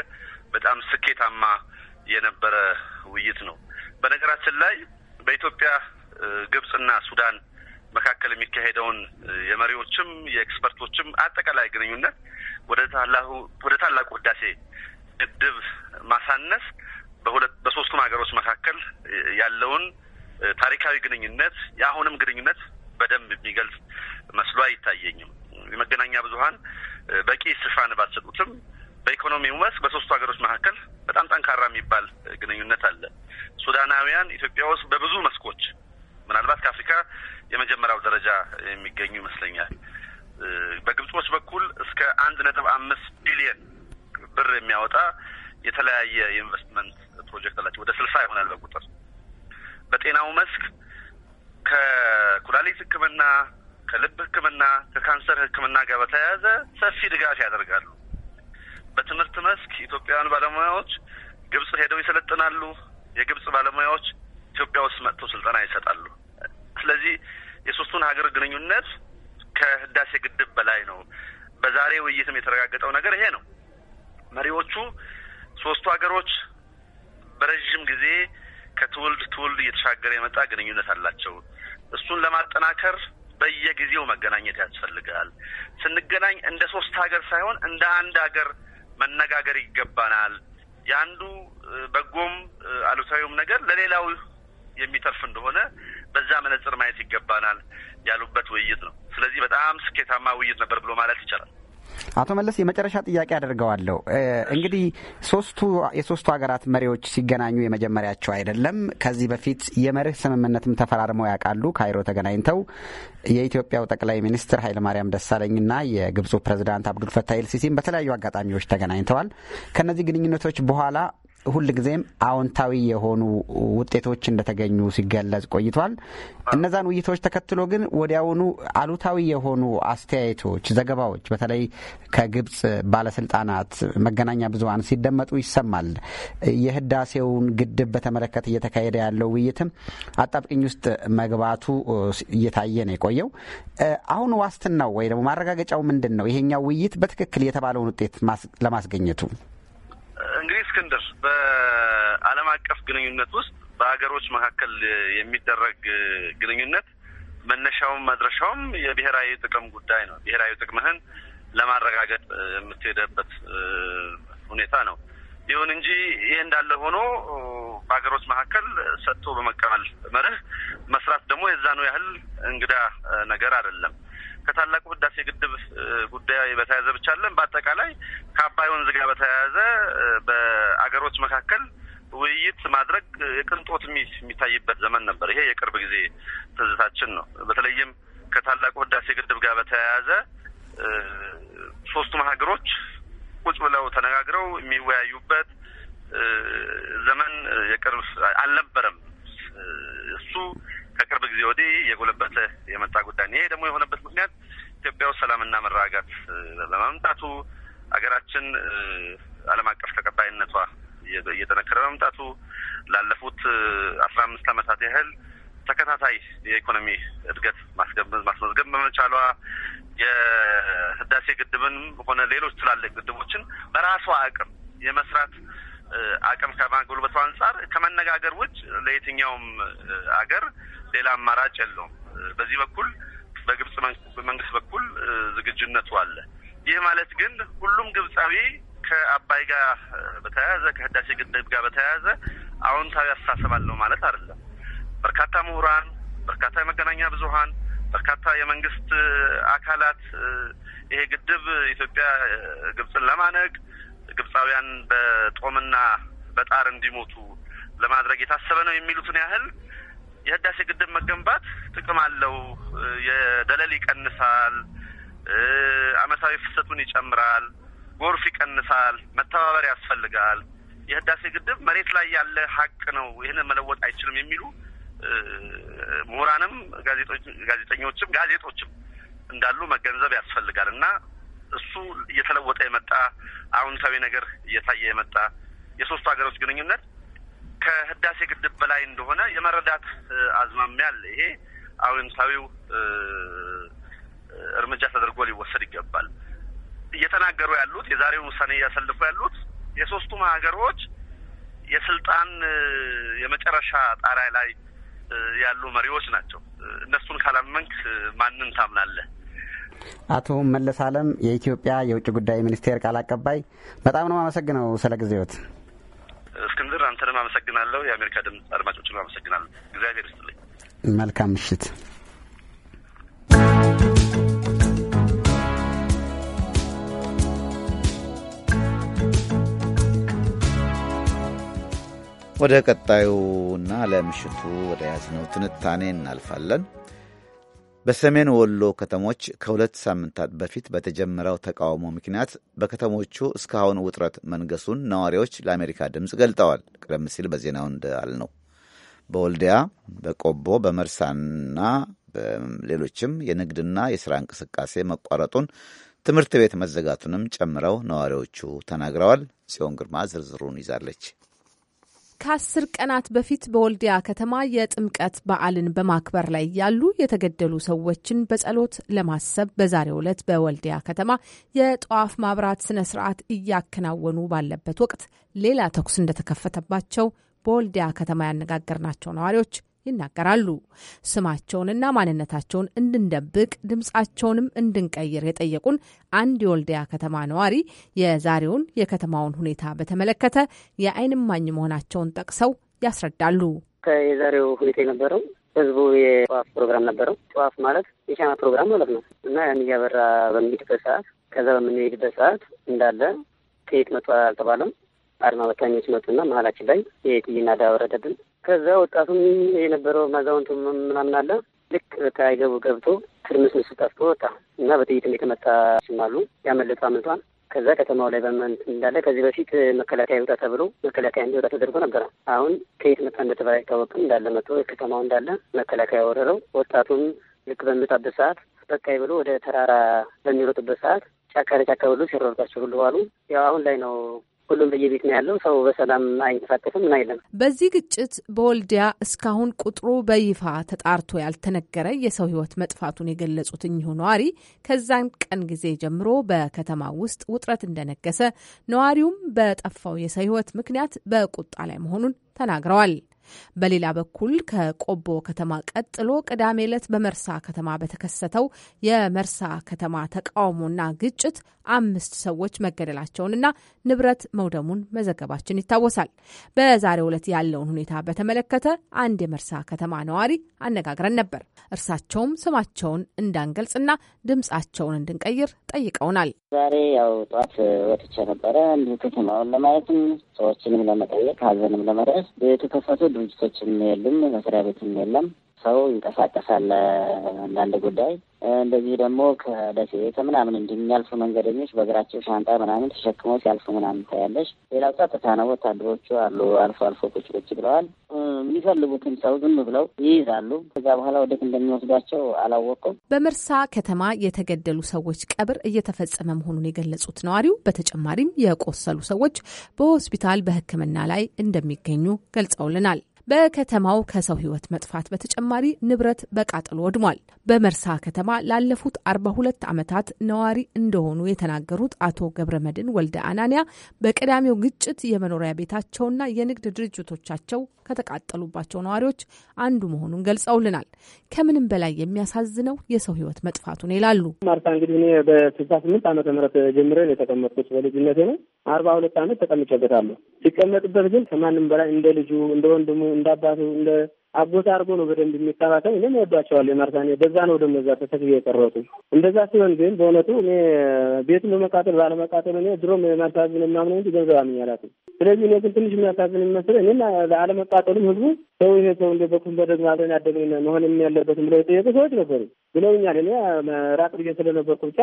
በጣም ስኬታማ የነበረ ውይይት ነው። በነገራችን ላይ በኢትዮጵያ ግብጽና ሱዳን መካከል የሚካሄደውን የመሪዎችም የኤክስፐርቶችም አጠቃላይ ግንኙነት ወደ ታላቁ ህዳሴ ግድብ ማሳነስ በሁለት በሶስቱም ሀገሮች መካከል ያለውን ታሪካዊ ግንኙነት የአሁንም ግንኙነት በደንብ የሚገልጽ መስሎ አይታየኝም። የመገናኛ ብዙኃን በቂ ሽፋን ባትሰጡትም በኢኮኖሚው መስክ በሶስቱ ሀገሮች መካከል በጣም ጠንካራ የሚባል ግንኙነት አለ። ሱዳናውያን ኢትዮጵያ ውስጥ በብዙ መስኮች ምናልባት ከአፍሪካ የመጀመሪያው ደረጃ የሚገኙ ይመስለኛል። በግብጾች በኩል እስከ አንድ ነጥብ አምስት ቢሊየን ብር የሚያወጣ የተለያየ የኢንቨስትመንት ፕሮጀክት አላቸው። ወደ ስልሳ ይሆናል በቁጥር በጤናው መስክ ከኩላሊት ህክምና ከልብ ህክምና ከካንሰር ህክምና ጋር በተያያዘ ሰፊ ድጋፍ ያደርጋሉ። በትምህርት መስክ ኢትዮጵያውያን ባለሙያዎች ግብጽ ሄደው ይሰለጥናሉ። የግብጽ ባለሙያዎች ኢትዮጵያ ውስጥ መጥተው ስልጠና ይሰጣሉ። ስለዚህ የሶስቱን ሀገር ግንኙነት ከህዳሴ ግድብ በላይ ነው። በዛሬ ውይይትም የተረጋገጠው ነገር ይሄ ነው። መሪዎቹ ሶስቱ ሀገሮች በረዥም ጊዜ ከትውልድ ትውልድ እየተሻገረ የመጣ ግንኙነት አላቸው። እሱን ለማጠናከር በየጊዜው መገናኘት ያስፈልጋል። ስንገናኝ እንደ ሶስት ሀገር ሳይሆን እንደ አንድ ሀገር መነጋገር ይገባናል። የአንዱ በጎም አሉታዊውም ነገር ለሌላው የሚተርፍ እንደሆነ በዛ መነጽር ማየት ይገባናል ያሉበት ውይይት ነው። ስለዚህ በጣም ስኬታማ ውይይት ነበር ብሎ ማለት ይቻላል። አቶ መለስ የመጨረሻ ጥያቄ አደርገዋለሁ። እንግዲህ ሶስቱ የሶስቱ ሀገራት መሪዎች ሲገናኙ የመጀመሪያቸው አይደለም። ከዚህ በፊት የመርህ ስምምነትም ተፈራርመው ያውቃሉ። ካይሮ ተገናኝተው የኢትዮጵያው ጠቅላይ ሚኒስትር ኃይለማርያም ደሳለኝና የግብፁ ፕሬዚዳንት አብዱልፈታህ ኤልሲሲም በተለያዩ አጋጣሚዎች ተገናኝተዋል። ከእነዚህ ግንኙነቶች በኋላ ጊዜም አዎንታዊ የሆኑ ውጤቶች እንደተገኙ ሲገለጽ ቆይቷል። እነዛን ውይይቶች ተከትሎ ግን ወዲያውኑ አሉታዊ የሆኑ አስተያየቶች፣ ዘገባዎች በተለይ ከግብጽ ባለስልጣናት መገናኛ ብዙኃን ሲደመጡ ይሰማል። የህዳሴውን ግድብ በተመለከተ እየተካሄደ ያለው ውይይትም አጣብቅኝ ውስጥ መግባቱ እየታየ ነው የቆየው። አሁን ዋስትናው ወይ ደግሞ ማረጋገጫው ምንድን ነው? ይሄኛው ውይይት በትክክል የተባለውን ውጤት ለማስገኘቱ እስክንድር፣ በዓለም አቀፍ ግንኙነት ውስጥ በሀገሮች መካከል የሚደረግ ግንኙነት መነሻውም መድረሻውም የብሔራዊ ጥቅም ጉዳይ ነው። ብሔራዊ ጥቅምህን ለማረጋገጥ የምትሄደበት ሁኔታ ነው። ይሁን እንጂ ይህ እንዳለ ሆኖ በሀገሮች መካከል ሰጥቶ በመቀበል መርህ መስራት ደግሞ የዛኑ ያህል እንግዳ ነገር አይደለም። ከታላቁ ህዳሴ ግድብ ጉዳይ በተያያዘ ብቻ አለን። በአጠቃላይ ከአባይ ወንዝ ጋር በተያያዘ በአገሮች መካከል ውይይት ማድረግ የቅንጦት የሚታይበት ዘመን ነበር። ይሄ የቅርብ ጊዜ ትዝታችን ነው። በተለይም ከታላቁ ህዳሴ ግድብ ጋር በተያያዘ ሶስቱም ሀገሮች ቁጭ ብለው ተነጋግረው የሚወያዩበት ዘመን የቅርብ አልነበረም። እሱ ከቅርብ ጊዜ ወዲህ የጎለበተ የመጣ ጉዳይ ነው። ይሄ ደግሞ የሆነበት ምክንያት ኢትዮጵያ ውስጥ ሰላምና መረጋጋት በመምጣቱ ሀገራችን ዓለም አቀፍ ተቀባይነቷ እየጠነከረ በመምጣቱ ላለፉት አስራ አምስት ዓመታት ያህል ተከታታይ የኢኮኖሚ እድገት ማስመዝገብ በመቻሏ የህዳሴ ግድብንም ሆነ ሌሎች ትላልቅ ግድቦችን በራሷ አቅም የመስራት አቅም ከማጎልበቱ አንጻር ከመነጋገር ውጭ ለየትኛውም አገር ሌላ አማራጭ የለውም። በዚህ በኩል በግብጽ መንግስት በኩል ዝግጁነቱ አለ። ይህ ማለት ግን ሁሉም ግብጻዊ ከአባይ ጋር በተያያዘ ከህዳሴ ግድብ ጋር በተያያዘ አዎንታዊ አስተሳሰብ አለው ማለት አይደለም። በርካታ ምሁራን፣ በርካታ የመገናኛ ብዙሀን፣ በርካታ የመንግስት አካላት ይሄ ግድብ ኢትዮጵያ ግብጽን ለማነቅ ግብፃውያን በጦምና በጣር እንዲሞቱ ለማድረግ የታሰበ ነው የሚሉትን ያህል የህዳሴ ግድብ መገንባት ጥቅም አለው። የደለል ይቀንሳል፣ አመታዊ ፍሰቱን ይጨምራል፣ ጎርፍ ይቀንሳል፣ መተባበር ያስፈልጋል፣ የህዳሴ ግድብ መሬት ላይ ያለ ሀቅ ነው፣ ይህንን መለወጥ አይችልም የሚሉ ምሁራንም ጋዜጠኞችም ጋዜጦችም እንዳሉ መገንዘብ ያስፈልጋል እና እሱ እየተለወጠ የመጣ አዎንታዊ ነገር እየታየ የመጣ የሶስቱ ሀገሮች ግንኙነት ከህዳሴ ግድብ በላይ እንደሆነ የመረዳት አዝማሚያ አለ። ይሄ አዎንታዊው እርምጃ ተደርጎ ሊወሰድ ይገባል። እየተናገሩ ያሉት የዛሬውን ውሳኔ እያሰልፉ ያሉት የሶስቱም ሀገሮች የስልጣን የመጨረሻ ጣሪያ ላይ ያሉ መሪዎች ናቸው። እነሱን ካላመንክ ማንን ታምናለህ? አቶ መለስ አለም የኢትዮጵያ የውጭ ጉዳይ ሚኒስቴር ቃል አቀባይ፣ በጣም ነው አመሰግነው ስለ ጊዜዎት። እስክንድር አንተንም አመሰግናለሁ። የአሜሪካ ድምፅ አድማጮችንም አመሰግናለሁ። እግዚአብሔር ይስጥልኝ። መልካም ምሽት። ወደ ቀጣዩና ለምሽቱ ወደ ያዝነው ትንታኔ እናልፋለን። በሰሜን ወሎ ከተሞች ከሁለት ሳምንታት በፊት በተጀመረው ተቃውሞ ምክንያት በከተሞቹ እስካሁን ውጥረት መንገሱን ነዋሪዎች ለአሜሪካ ድምፅ ገልጠዋል። ቀደም ሲል በዜናው ነው በወልዲያ፣ በቆቦ፣ በመርሳና ሌሎችም የንግድና የሥራ እንቅስቃሴ መቋረጡን፣ ትምህርት ቤት መዘጋቱንም ጨምረው ነዋሪዎቹ ተናግረዋል። ጽዮን ግርማ ዝርዝሩን ይዛለች። ከአስር ቀናት በፊት በወልዲያ ከተማ የጥምቀት በዓልን በማክበር ላይ ያሉ የተገደሉ ሰዎችን በጸሎት ለማሰብ በዛሬው ዕለት በወልዲያ ከተማ የጧፍ ማብራት ስነ ስርዓት እያከናወኑ ባለበት ወቅት ሌላ ተኩስ እንደተከፈተባቸው በወልዲያ ከተማ ያነጋገርናቸው ነዋሪዎች ይናገራሉ። ስማቸውንና ማንነታቸውን እንድንደብቅ ድምፃቸውንም እንድንቀይር የጠየቁን አንድ የወልዲያ ከተማ ነዋሪ የዛሬውን የከተማውን ሁኔታ በተመለከተ የዓይን እማኝ መሆናቸውን ጠቅሰው ያስረዳሉ። የዛሬው ሁኔታ የነበረው ህዝቡ የጠዋፍ ፕሮግራም ነበረው። ጠዋፍ ማለት የሻማ ፕሮግራም ማለት ነው እና ያን እያበራ በሚሄድበት ሰዓት ከዛ በምንሄድበት ሰዓት እንዳለ ከየት መጡ አልተባለም። አድማ በታኞች መጡና መሀላችን ላይ የጥይና ዳ ወረደብን። ከዛ ወጣቱም የነበረው ማዛውንቱ ምናምን አለ ልክ ተያይገቡ ገብቶ ትርምስ ትርምስምስ ጠፍቶ ወጣ እና በጥይትም የተመታ ሲማሉ ያመለጡ አምልቷል። ከዛ ከተማው ላይ በመንት እንዳለ ከዚህ በፊት መከላከያ ይውጣ ተብሎ መከላከያ እንዲወጣ ተደርጎ ነበረ። አሁን ከየት መጣ እንደተባለ አይታወቅም። እንዳለ መጥቶ ከተማው እንዳለ መከላከያ ወረረው። ወጣቱም ልክ በምጣበት ሰዓት በቃይ ብሎ ወደ ተራራ በሚሮጥበት ሰዓት ጫካ ለጫካ ብሎ ሲሮርጣቸው ሁሉ ዋሉ። ያው አሁን ላይ ነው ሁሉም በየቤት ነው ያለው። ሰው በሰላም አይንቀሳቀስም፣ ምን አይለም። በዚህ ግጭት በወልዲያ እስካሁን ቁጥሩ በይፋ ተጣርቶ ያልተነገረ የሰው ሕይወት መጥፋቱን የገለጹት እኚሁ ነዋሪ ከዛን ቀን ጊዜ ጀምሮ በከተማ ውስጥ ውጥረት እንደነገሰ ነዋሪውም በጠፋው የሰው ሕይወት ምክንያት በቁጣ ላይ መሆኑን ተናግረዋል። በሌላ በኩል ከቆቦ ከተማ ቀጥሎ ቅዳሜ ዕለት በመርሳ ከተማ በተከሰተው የመርሳ ከተማ ተቃውሞና ግጭት አምስት ሰዎች መገደላቸውንና ንብረት መውደሙን መዘገባችን ይታወሳል። በዛሬው ዕለት ያለውን ሁኔታ በተመለከተ አንድ የመርሳ ከተማ ነዋሪ አነጋግረን ነበር። እርሳቸውም ስማቸውን እንዳንገልጽና ድምጻቸውን እንድንቀይር ጠይቀውናል። ዛሬ ያው ጠዋት ወጥቼ ነበረ እንዲሁ ከተማውን ለማየትም ሰዎችንም ለመጠየቅ ሀዘንም ለመድረስ ቤቱ ከፈቱ ድርጅቶችም የሉም፣ መስሪያ ቤትም የለም። ሰው ይንቀሳቀሳል አንዳንድ ጉዳይ እንደዚህ ደግሞ ከደሴ ከምናምን እንዲህ የሚያልፉ መንገደኞች በእግራቸው ሻንጣ ምናምን ተሸክመው ሲያልፉ ምናምን ታያለሽ። ሌላው ጸጥታ ነው። ወታደሮቹ አሉ። አልፎ አልፎ ቁጭ ቁጭ ብለዋል። የሚፈልጉትን ሰው ዝም ብለው ይይዛሉ። ከዛ በኋላ ወዴት እንደሚወስዷቸው አላወቁም። በመርሳ ከተማ የተገደሉ ሰዎች ቀብር እየተፈጸመ መሆኑን የገለጹት ነዋሪው በተጨማሪም የቆሰሉ ሰዎች በሆስፒታል በሕክምና ላይ እንደሚገኙ ገልጸውልናል። በከተማው ከሰው ህይወት መጥፋት በተጨማሪ ንብረት በቃጠሎ ወድሟል። በመርሳ ከተማ ላለፉት 42 ዓመታት ነዋሪ እንደሆኑ የተናገሩት አቶ ገብረ መድን ወልደ አናንያ በቀዳሚው ግጭት የመኖሪያ ቤታቸውና የንግድ ድርጅቶቻቸው ከተቃጠሉባቸው ነዋሪዎች አንዱ መሆኑን ገልጸውልናል። ከምንም በላይ የሚያሳዝነው የሰው ህይወት መጥፋቱን ይላሉ። ማርታ እንግዲህ እኔ በስልሳ ስምንት ዓመተ ምህረት ጀምሬ ነው የተቀመጥኩት። በልጅነቴ ነው አርባ ሁለት ዓመት ተቀምጬበታለሁ። ሲቀመጥበት ግን ከማንም በላይ እንደ ልጁ፣ እንደ ወንድሙ፣ እንደ አባቱ፣ እንደ አጎት አድርጎ ነው በደንብ የሚከባከብ። እኔም ወዷቸዋል የማርሳኔ በዛ ነው ደግሞ እዛ ተሰብዬ የቀረቱ። እንደዛ ሲሆን ግን በእውነቱ እኔ ቤቱን በመቃጠል ባለመቃጠል እኔ ድሮም የማታዝን የማምነው እንጂ ገንዘብ አምኛላትም። ስለዚህ እኔ ግን ትንሽ የሚያሳዝን የሚመስለው እኔም ለአለመቃጠሉም ህዝቡ ሰው ይሄ ሰው እንደ በኩል በደግ ማለን ያደግን መሆን የሚያለበትም ብለው የጠየቁ ሰዎች ነበሩ ብለውኛል። እኔ ራቅ ብዬ ስለነበርኩ ብቻ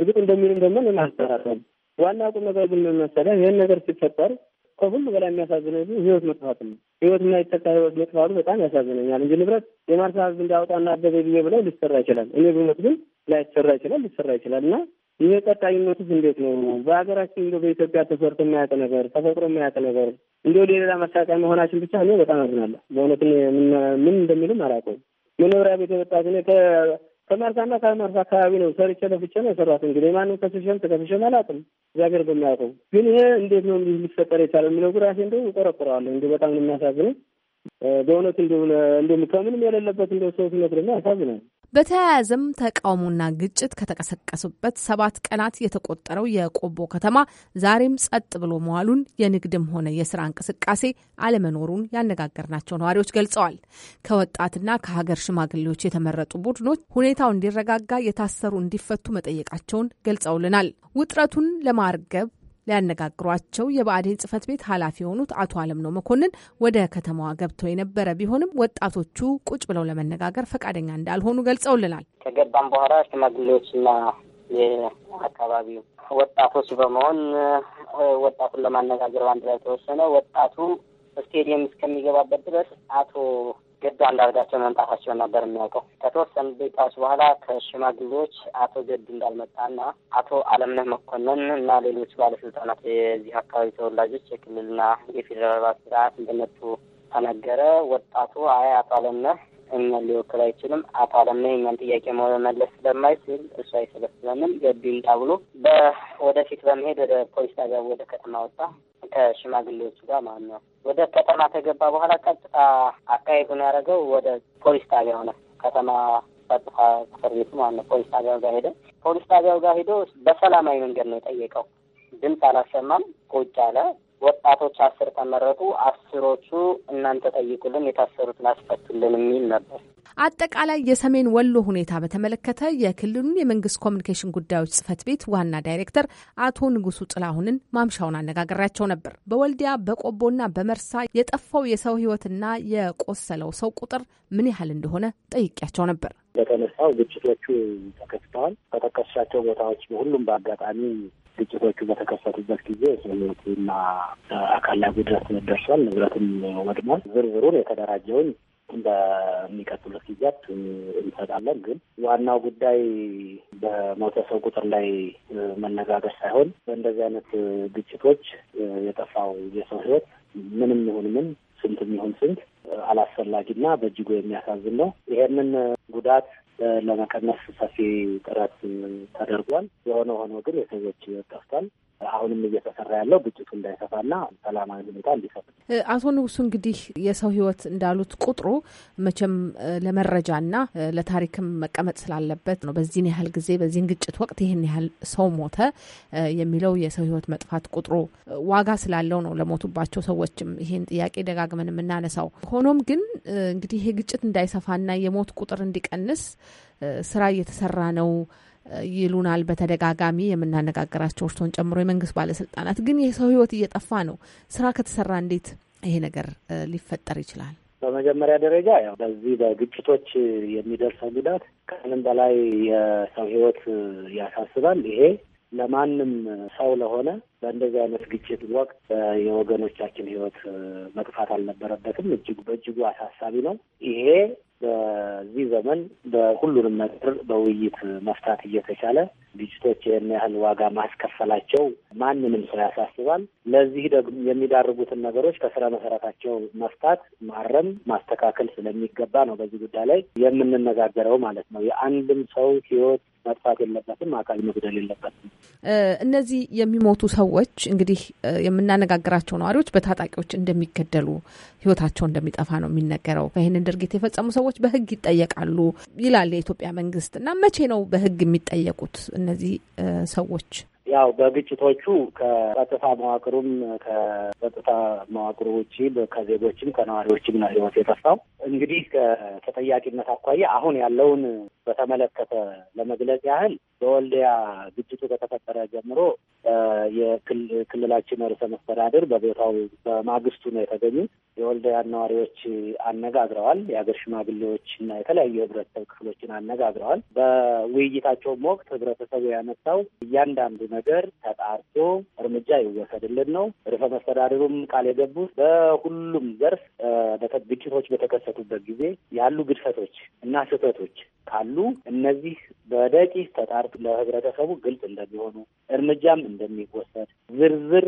እርግጥ እንደሚሉም ደግሞ እኔም አልጠራጠርም። ዋና ቁም ነገር ግን መመሰለ ይህን ነገር ሲፈጠር ከሁሉ በላይ የሚያሳዝነኝ ህይወት መጥፋት ነው። ህይወት የተካ ህይወት መጥፋቱ በጣም ያሳዝነኛል እንጂ ንብረት የማርሳ ህዝብ እንዲያወጣ እንዳወጣና አደበ ብዬ ብለው ሊሰራ ይችላል። እኔ ብሞት ግን ላይሰራ ይችላል፣ ሊሰራ ይችላል እና ይህ ቀጣይነቱ እንዴት ነው? በሀገራችን እንደ በኢትዮጵያ ተሰርቶ የማያውቅ ነገር ተፈጥሮ የማያውቅ ነገር እንዲሁ ሌላ መሳቂያ መሆናችን ብቻ እኔ በጣም አዝናለሁ። በእውነት ምን እንደሚልም አላውቀውም። መኖሪያ ቤት የመጣት እኔ ከማርሳና ከመርሳ አካባቢ ነው ሰርቼ ለፍቼ ነው የሰራት። እንግዲህ ማንም ከስሸም ተከስሸም አላውቅም፣ እግዚአብሔር በሚያውቀው ግን ይሄ እንዴት ነው እንዲህ ሊፈጠር የቻለ የሚለው ራሴ እንደ እቆረቁረዋለሁ። እንዲ በጣም ነው የሚያሳዝነው በእውነት እንደ ከምንም የሌለበት እንደ ሰውነት ደግሞ ያሳዝናል። በተያያዘም ተቃውሞና ግጭት ከተቀሰቀሱበት ሰባት ቀናት የተቆጠረው የቆቦ ከተማ ዛሬም ጸጥ ብሎ መዋሉን የንግድም ሆነ የስራ እንቅስቃሴ አለመኖሩን ያነጋገርናቸው ነዋሪዎች ገልጸዋል። ከወጣትና ከሀገር ሽማግሌዎች የተመረጡ ቡድኖች ሁኔታው እንዲረጋጋ፣ የታሰሩ እንዲፈቱ መጠየቃቸውን ገልጸውልናል። ውጥረቱን ለማርገብ ሊያነጋግሯቸው የብአዴን ጽህፈት ቤት ኃላፊ የሆኑት አቶ አለምነው መኮንን ወደ ከተማዋ ገብተው የነበረ ቢሆንም ወጣቶቹ ቁጭ ብለው ለመነጋገር ፈቃደኛ እንዳልሆኑ ገልጸውልናል። ከገባም በኋላ ሽማግሌዎችና የአካባቢው ወጣቶች በመሆን ወጣቱን ለማነጋገር በአንድ ላይ ተወሰነ። ወጣቱ ስቴዲየም እስከሚገባበት ድረስ አቶ ገዱ አንዳርጋቸው መምጣታቸውን ነበር የሚያውቀው። ከተወሰኑ ደቂቃዎች በኋላ ከሽማግሌዎች አቶ ገዱ እንዳልመጣና አቶ አለምነህ መኮንን እና ሌሎች ባለስልጣናት የዚህ አካባቢ ተወላጆች የክልልና የፌዴራል ስርዓት እንደመጡ ተነገረ። ወጣቱ አይ አቶ አለምነህ እኛን ሊወክል አይችልም፣ አቶ አለም እኛን ጥያቄ መመለስ ስለማይችል እሱ አይሰበስበንም፣ ገቢ ይምጣ ብሎ በወደፊት በመሄድ ወደ ፖሊስ ጣቢያ ወደ ከተማ ወጣ። ከሽማግሌዎቹ ጋር ማለት ነው። ወደ ከተማ ከገባ በኋላ ቀጥታ አካሄዱን ያደረገው ወደ ፖሊስ ጣቢያ ሆነ። ከተማ ጸጥታ ክፍል ቤቱ ማለት ነው። ፖሊስ ጣቢያው ጋር ሄደ። ፖሊስ ጣቢያው ጋር ሄዶ በሰላማዊ መንገድ ነው የጠየቀው። ድምፅ አላሰማም። ቁጭ አለ። ወጣቶች አስር ተመረጡ፣ አስሮቹ እናንተ ጠይቁልን የታሰሩትን አስፈቱልን የሚል ነበር። አጠቃላይ የሰሜን ወሎ ሁኔታ በተመለከተ የክልሉን የመንግስት ኮሚኒኬሽን ጉዳዮች ጽህፈት ቤት ዋና ዳይሬክተር አቶ ንጉሱ ጥላሁንን ማምሻውን አነጋግሬያቸው ነበር። በወልዲያ በቆቦና በመርሳ የጠፋው የሰው ህይወትና የቆሰለው ሰው ቁጥር ምን ያህል እንደሆነ ጠይቄያቸው ነበር። በተነሳው ግጭቶቹ ተከስተዋል። በጠቀስሻቸው ቦታዎች ሁሉም በአጋጣሚ ግጭቶቹ በተከሰቱበት ጊዜ የሰው አካል ላይ ጉድረት ደርሷል፣ ንብረትም ወድሟል። ዝርዝሩን የተደራጀውን በሚቀጥሉት ጊዜያት እንሰጣለን። ግን ዋናው ጉዳይ በሞተ ሰው ቁጥር ላይ መነጋገር ሳይሆን በእንደዚህ አይነት ግጭቶች የጠፋው የሰው ሕይወት ምንም ይሁን ምን ስንት የሚሆን ስንት አላስፈላጊና በእጅጉ የሚያሳዝን ነው። ይሄንን ጉዳት ለመቀነስ ሰፊ ጥረት ተደርጓል። የሆነ ሆኖ ግን የሰዎች ህይወት ጠፍቷል። አሁንም እየተሰራ ያለው ግጭቱ እንዳይሰፋና ሰላማዊ ሁኔታ እንዲሰፍ። አቶ ንጉሱ እንግዲህ የሰው ህይወት እንዳሉት ቁጥሩ መቼም ለመረጃና ለታሪክም መቀመጥ ስላለበት ነው። በዚህን ያህል ጊዜ በዚህን ግጭት ወቅት ይህን ያህል ሰው ሞተ የሚለው የሰው ህይወት መጥፋት ቁጥሩ ዋጋ ስላለው ነው ለሞቱባቸው ሰዎችም ይህን ጥያቄ ደጋግመን የምናነሳው። ሆኖም ግን እንግዲህ ይሄ ግጭት እንዳይሰፋና የሞት ቁጥር እንዲቀንስ ስራ እየተሰራ ነው ይሉናል በተደጋጋሚ የምናነጋግራቸው እርስዎን ጨምሮ የመንግስት ባለስልጣናት። ግን የሰው ህይወት እየጠፋ ነው። ስራ ከተሰራ እንዴት ይሄ ነገር ሊፈጠር ይችላል? በመጀመሪያ ደረጃ ያው በዚህ በግጭቶች የሚደርሰው ጉዳት ከምንም በላይ የሰው ህይወት ያሳስባል። ይሄ ለማንም ሰው ለሆነ በእንደዚህ አይነት ግጭት ወቅት የወገኖቻችን ህይወት መጥፋት አልነበረበትም። እጅጉ በእጅጉ አሳሳቢ ነው። ይሄ በዚህ ዘመን በሁሉንም ነገር በውይይት መፍታት እየተቻለ ግጭቶች ይህን ያህል ዋጋ ማስከፈላቸው ማንንም ሰው ያሳስባል። ለዚህ ደግሞ የሚዳርጉትን ነገሮች ከስረ መሰረታቸው መፍታት፣ ማረም፣ ማስተካከል ስለሚገባ ነው በዚህ ጉዳይ ላይ የምንነጋገረው ማለት ነው። የአንድም ሰው ህይወት መጥፋት የለበትም፣ አካል መጉደል የለበትም። እነዚህ የሚሞቱ ሰዎች እንግዲህ የምናነጋግራቸው ነዋሪዎች በታጣቂዎች እንደሚገደሉ ህይወታቸው እንደሚጠፋ ነው የሚነገረው። ይህንን ድርጊት የፈጸሙ ሰዎች በህግ ይጠየቃሉ ይላል የኢትዮጵያ መንግስት። እና መቼ ነው በህግ የሚጠየቁት እነዚህ ሰዎች? ያው በግጭቶቹ ከጸጥታ መዋቅሩም ከጸጥታ መዋቅሩ ውጭ ከዜጎችም ከነዋሪዎችም ነው ህይወት የጠፋው። እንግዲህ ከተጠያቂነት አኳያ አሁን ያለውን በተመለከተ ለመግለጽ ያህል በወልዲያ ግጭቱ ከተፈጠረ ጀምሮ የክልላችን ርዕሰ መስተዳድር በቦታው በማግስቱ ነው የተገኙት። የወልዲያ ነዋሪዎች አነጋግረዋል። የሀገር ሽማግሌዎች እና የተለያዩ የህብረተሰብ ክፍሎችን አነጋግረዋል። በውይይታቸውም ወቅት ህብረተሰቡ ያነሳው እያንዳንዱ ነገር ተጣርቶ እርምጃ ይወሰድልን ነው። ርዕሰ መስተዳድሩም ቃል የገቡት በሁሉም ዘርፍ ግጭቶች በተከሰቱበት ጊዜ ያሉ ግድፈቶች እና ስህተቶች ካሉ አሉ። እነዚህ በደቂቅ ተጣርቶ ለህብረተሰቡ ግልጽ እንደሚሆኑ እርምጃም እንደሚወሰድ ዝርዝር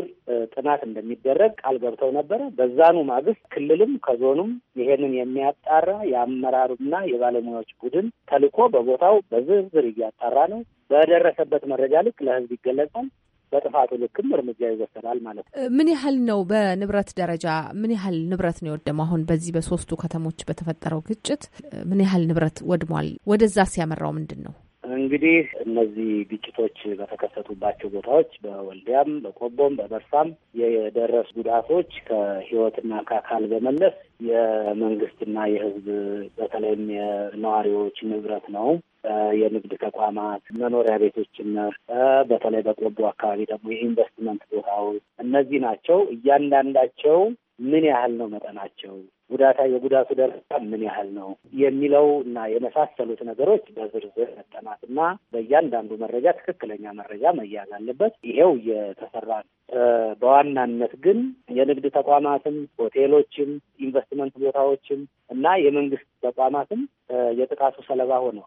ጥናት እንደሚደረግ ቃል ገብተው ነበረ። በዛኑ ማግስት ክልልም ከዞኑም ይሄንን የሚያጣራ የአመራሩና የባለሙያዎች ቡድን ተልኮ በቦታው በዝርዝር እያጣራ ነው። በደረሰበት መረጃ ልክ ለህዝብ ይገለጻል። በጥፋቱ ልክም እርምጃ ይወሰዳል ማለት ነው። ምን ያህል ነው? በንብረት ደረጃ ምን ያህል ንብረት ነው የወደመው? አሁን በዚህ በሶስቱ ከተሞች በተፈጠረው ግጭት ምን ያህል ንብረት ወድሟል? ወደዛ ሲያመራው ምንድን ነው? እንግዲህ እነዚህ ግጭቶች በተከሰቱባቸው ቦታዎች በወልዲያም፣ በቆቦም፣ በበርሳም የደረሱ ጉዳቶች ከህይወትና ከአካል በመለስ የመንግስትና የህዝብ በተለይም የነዋሪዎች ንብረት ነው። የንግድ ተቋማት፣ መኖሪያ ቤቶች በተለይ በቆቦ አካባቢ ደግሞ የኢንቨስትመንት ቦታዎች እነዚህ ናቸው። እያንዳንዳቸው ምን ያህል ነው መጠናቸው? ጉዳታ የጉዳቱ ደረጃ ምን ያህል ነው የሚለው እና የመሳሰሉት ነገሮች በዝርዝር መጠናት እና በእያንዳንዱ መረጃ ትክክለኛ መረጃ መያዝ አለበት። ይሄው እየተሰራ ነው። በዋናነት ግን የንግድ ተቋማትም፣ ሆቴሎችም፣ ኢንቨስትመንት ቦታዎችም እና የመንግስት ተቋማትም የጥቃቱ ሰለባ ሆነው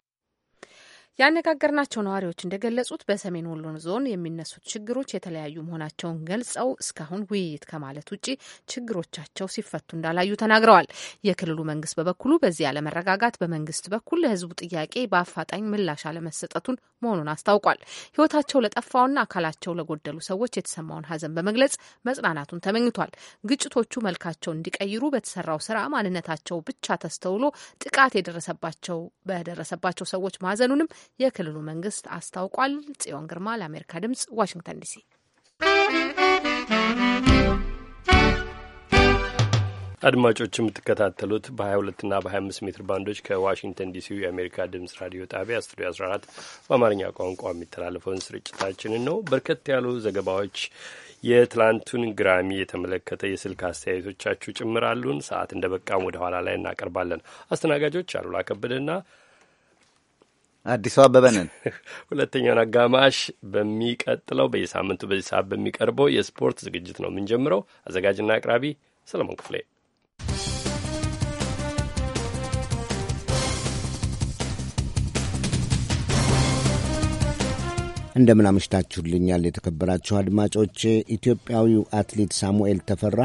ያነጋገርናቸው ነዋሪዎች እንደገለጹት በሰሜን ወሎ ዞን የሚነሱት ችግሮች የተለያዩ መሆናቸውን ገልጸው እስካሁን ውይይት ከማለት ውጭ ችግሮቻቸው ሲፈቱ እንዳላዩ ተናግረዋል። የክልሉ መንግስት በበኩሉ በዚህ አለመረጋጋት በመንግስት በኩል ለህዝቡ ጥያቄ በአፋጣኝ ምላሽ አለመሰጠቱን መሆኑን አስታውቋል። ህይወታቸው ለጠፋውና አካላቸው ለጎደሉ ሰዎች የተሰማውን ሀዘን በመግለጽ መጽናናቱን ተመኝቷል። ግጭቶቹ መልካቸው እንዲቀይሩ በተሰራው ስራ ማንነታቸው ብቻ ተስተውሎ ጥቃት የደረሰባቸው በደረሰባቸው ሰዎች ማዘኑንም የክልሉ መንግስት አስታውቋል። ጽዮን ግርማ ለአሜሪካ ድምጽ ዋሽንግተን ዲሲ። አድማጮች የምትከታተሉት በ22 እና በ25 ሜትር ባንዶች ከዋሽንግተን ዲሲ የአሜሪካ ድምጽ ራዲዮ ጣቢያ ስቱዲዮ 14 በአማርኛ ቋንቋ የሚተላለፈውን ስርጭታችንን ነው። በርከት ያሉ ዘገባዎች የትላንቱን ግራሚ የተመለከተ የስልክ አስተያየቶቻችሁ ጭምራሉን ሰዓት እንደ በቃም ወደ ኋላ ላይ እናቀርባለን። አስተናጋጆች አሉላ ከበደና አዲሱ አበበ ነን። ሁለተኛውን አጋማሽ በሚቀጥለው በየሳምንቱ በዚህ ሰዓት በሚቀርበው የስፖርት ዝግጅት ነው የምንጀምረው። አዘጋጅና አቅራቢ ሰለሞን ክፍሌ። እንደምን አመሽታችሁልኛል የተከበራችሁ አድማጮቼ። ኢትዮጵያዊው አትሌት ሳሙኤል ተፈራ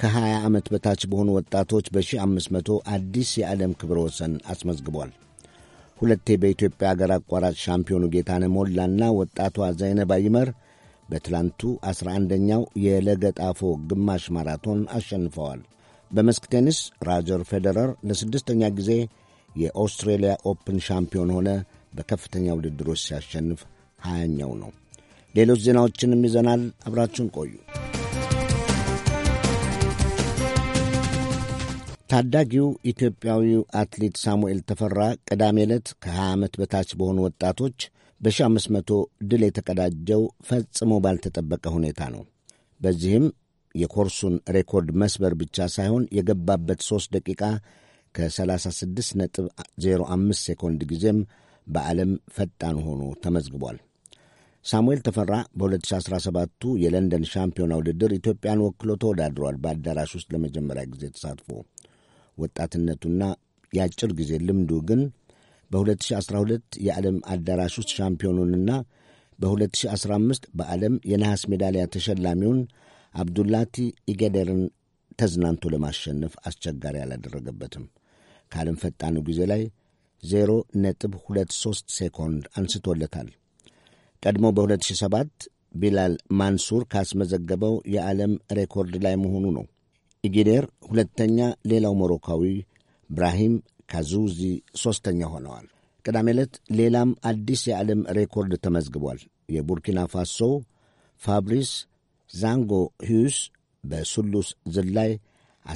ከ20 ዓመት በታች በሆኑ ወጣቶች በ1500 አዲስ የዓለም ክብረ ወሰን አስመዝግቧል። ሁለቴ በኢትዮጵያ አገር አቋራጭ ሻምፒዮኑ ጌታነ ሞላና ወጣቷ ዘይነባ ይመር በትላንቱ 11ኛው የለገጣፎ ግማሽ ማራቶን አሸንፈዋል። በመስክ ቴኒስ ሮጀር ፌዴረር ለስድስተኛ ጊዜ የኦስትሬሊያ ኦፕን ሻምፒዮን ሆነ። በከፍተኛ ውድድሮች ሲያሸንፍ ሀያኛው ነው። ሌሎች ዜናዎችንም ይዘናል። አብራችሁን ቆዩ። ታዳጊው ኢትዮጵያዊው አትሌት ሳሙኤል ተፈራ ቅዳሜ ዕለት ከ20 ዓመት በታች በሆኑ ወጣቶች በ1500 ድል የተቀዳጀው ፈጽሞ ባልተጠበቀ ሁኔታ ነው። በዚህም የኮርሱን ሬኮርድ መስበር ብቻ ሳይሆን የገባበት 3 ደቂቃ ከ36.05 ሴኮንድ ጊዜም በዓለም ፈጣን ሆኖ ተመዝግቧል። ሳሙኤል ተፈራ በ2017ቱ የለንደን ሻምፒዮና ውድድር ኢትዮጵያን ወክሎ ተወዳድሯል። በአዳራሽ ውስጥ ለመጀመሪያ ጊዜ ተሳትፎ ወጣትነቱና የአጭር ጊዜ ልምዱ ግን በ2012 የዓለም አዳራሽ ውስጥ ሻምፒዮኑንና በ2015 በዓለም የነሐስ ሜዳሊያ ተሸላሚውን አብዱላቲ ኢገደርን ተዝናንቶ ለማሸነፍ አስቸጋሪ አላደረገበትም። ከዓለም ፈጣኑ ጊዜ ላይ 0.23 ሴኮንድ አንስቶለታል። ቀድሞ በ2007 ቢላል ማንሱር ካስመዘገበው የዓለም ሬኮርድ ላይ መሆኑ ነው። ኢጊዴር ሁለተኛ፣ ሌላው ሞሮካዊ ብራሂም ካዙዚ ሦስተኛ ሆነዋል። ቅዳሜ ዕለት ሌላም አዲስ የዓለም ሬኮርድ ተመዝግቧል። የቡርኪና ፋሶ ፋብሪስ ዛንጎ ሂዩስ በሱሉስ ዝላይ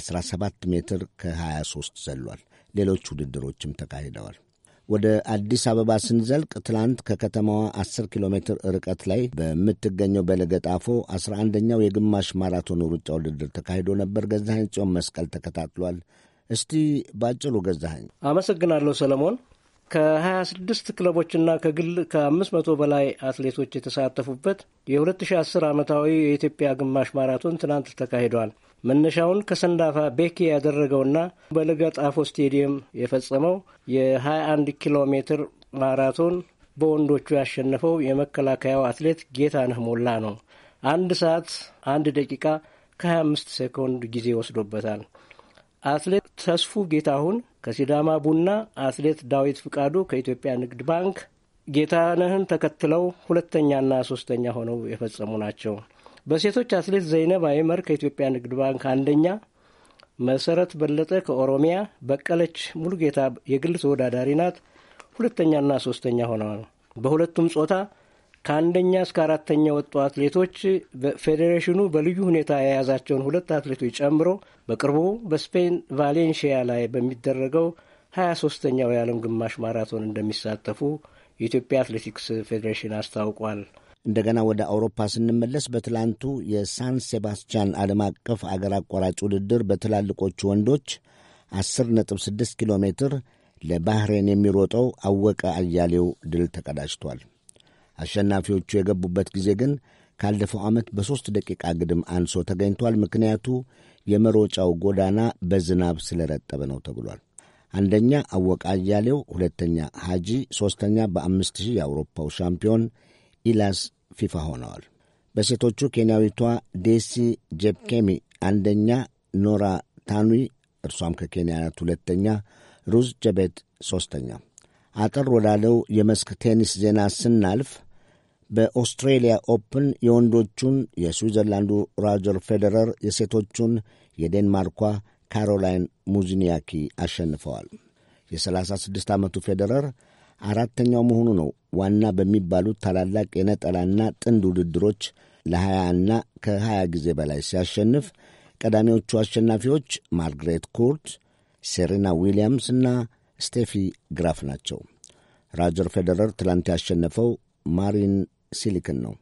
17 ሜትር ከ23 ዘሏል። ሌሎች ውድድሮችም ተካሂደዋል። ወደ አዲስ አበባ ስንዘልቅ ትላንት ከከተማዋ 10 ኪሎ ሜትር ርቀት ላይ በምትገኘው በለገጣፎ 11ኛው የግማሽ ማራቶን ሩጫ ውድድር ተካሂዶ ነበር። ገዛኸኝ ጽዮን መስቀል ተከታትሏል። እስቲ ባጭሩ ገዛኸኝ። አመሰግናለሁ ሰለሞን። ከ26 ክለቦችና ከግል ከ500 በላይ አትሌቶች የተሳተፉበት የ2010 ዓመታዊ የኢትዮጵያ ግማሽ ማራቶን ትናንት ተካሂዷል። መነሻውን ከሰንዳፋ ቤኪ ያደረገውና በለገጣፎ ስቴዲየም የፈጸመው የ21 ኪሎ ሜትር ማራቶን በወንዶቹ ያሸነፈው የመከላከያው አትሌት ጌታነህ ሞላ ነው። አንድ ሰዓት አንድ ደቂቃ ከ25 ሴኮንድ ጊዜ ወስዶበታል። አትሌት ተስፉ ጌታሁን ከሲዳማ ቡና፣ አትሌት ዳዊት ፍቃዱ ከኢትዮጵያ ንግድ ባንክ ጌታነህን ተከትለው ሁለተኛና ሶስተኛ ሆነው የፈጸሙ ናቸው። በሴቶች አትሌት ዘይነብ አይመር ከኢትዮጵያ ንግድ ባንክ አንደኛ፣ መሰረት በለጠ ከኦሮሚያ፣ በቀለች ሙሉጌታ የግል ተወዳዳሪ ናት፣ ሁለተኛና ሶስተኛ ሆነዋል። በሁለቱም ጾታ ከአንደኛ እስከ አራተኛ ወጡ አትሌቶች ፌዴሬሽኑ በልዩ ሁኔታ የያዛቸውን ሁለት አትሌቶች ጨምሮ በቅርቡ በስፔን ቫሌንሺያ ላይ በሚደረገው ሀያ ሶስተኛው የዓለም ግማሽ ማራቶን እንደሚሳተፉ የኢትዮጵያ አትሌቲክስ ፌዴሬሽን አስታውቋል። እንደገና ወደ አውሮፓ ስንመለስ በትላንቱ የሳን ሴባስቲያን ዓለም አቀፍ አገር አቋራጭ ውድድር በትላልቆቹ ወንዶች 10.6 ኪሎ ሜትር ለባህሬን የሚሮጠው አወቀ አያሌው ድል ተቀዳጅቷል። አሸናፊዎቹ የገቡበት ጊዜ ግን ካለፈው ዓመት በሦስት ደቂቃ ግድም አንሶ ተገኝቷል። ምክንያቱ የመሮጫው ጎዳና በዝናብ ስለረጠበ ነው ተብሏል። አንደኛ አወቃ አያሌው፣ ሁለተኛ ሐጂ፣ ሦስተኛ በአምስት ሺህ የአውሮፓው ሻምፒዮን ኢላስ ፊፋ ሆነዋል። በሴቶቹ ኬንያዊቷ ዴሲ ጄፕኬሚ አንደኛ፣ ኖራ ታኑይ እርሷም ከኬንያ ሁለተኛ፣ ሩዝ ጀቤት ሦስተኛ። አጠር ወዳለው የመስክ ቴኒስ ዜና ስናልፍ በኦስትሬሊያ ኦፕን የወንዶቹን የስዊዘርላንዱ ሮጀር ፌዴረር፣ የሴቶቹን የዴንማርኳ ካሮላይን ሙዚኒያኪ አሸንፈዋል። የ36 ዓመቱ ፌዴረር አራተኛው መሆኑ ነው። ዋና በሚባሉት ታላላቅ የነጠላና ጥንድ ውድድሮች ለ20ና ከ20 ጊዜ በላይ ሲያሸንፍ ቀዳሚዎቹ አሸናፊዎች ማርግሬት ኩርት፣ ሴሪና ዊሊያምስ እና ስቴፊ ግራፍ ናቸው። ሮጀር ፌዴረር ትላንት ያሸነፈው ማሪን ሲሊክን ነው።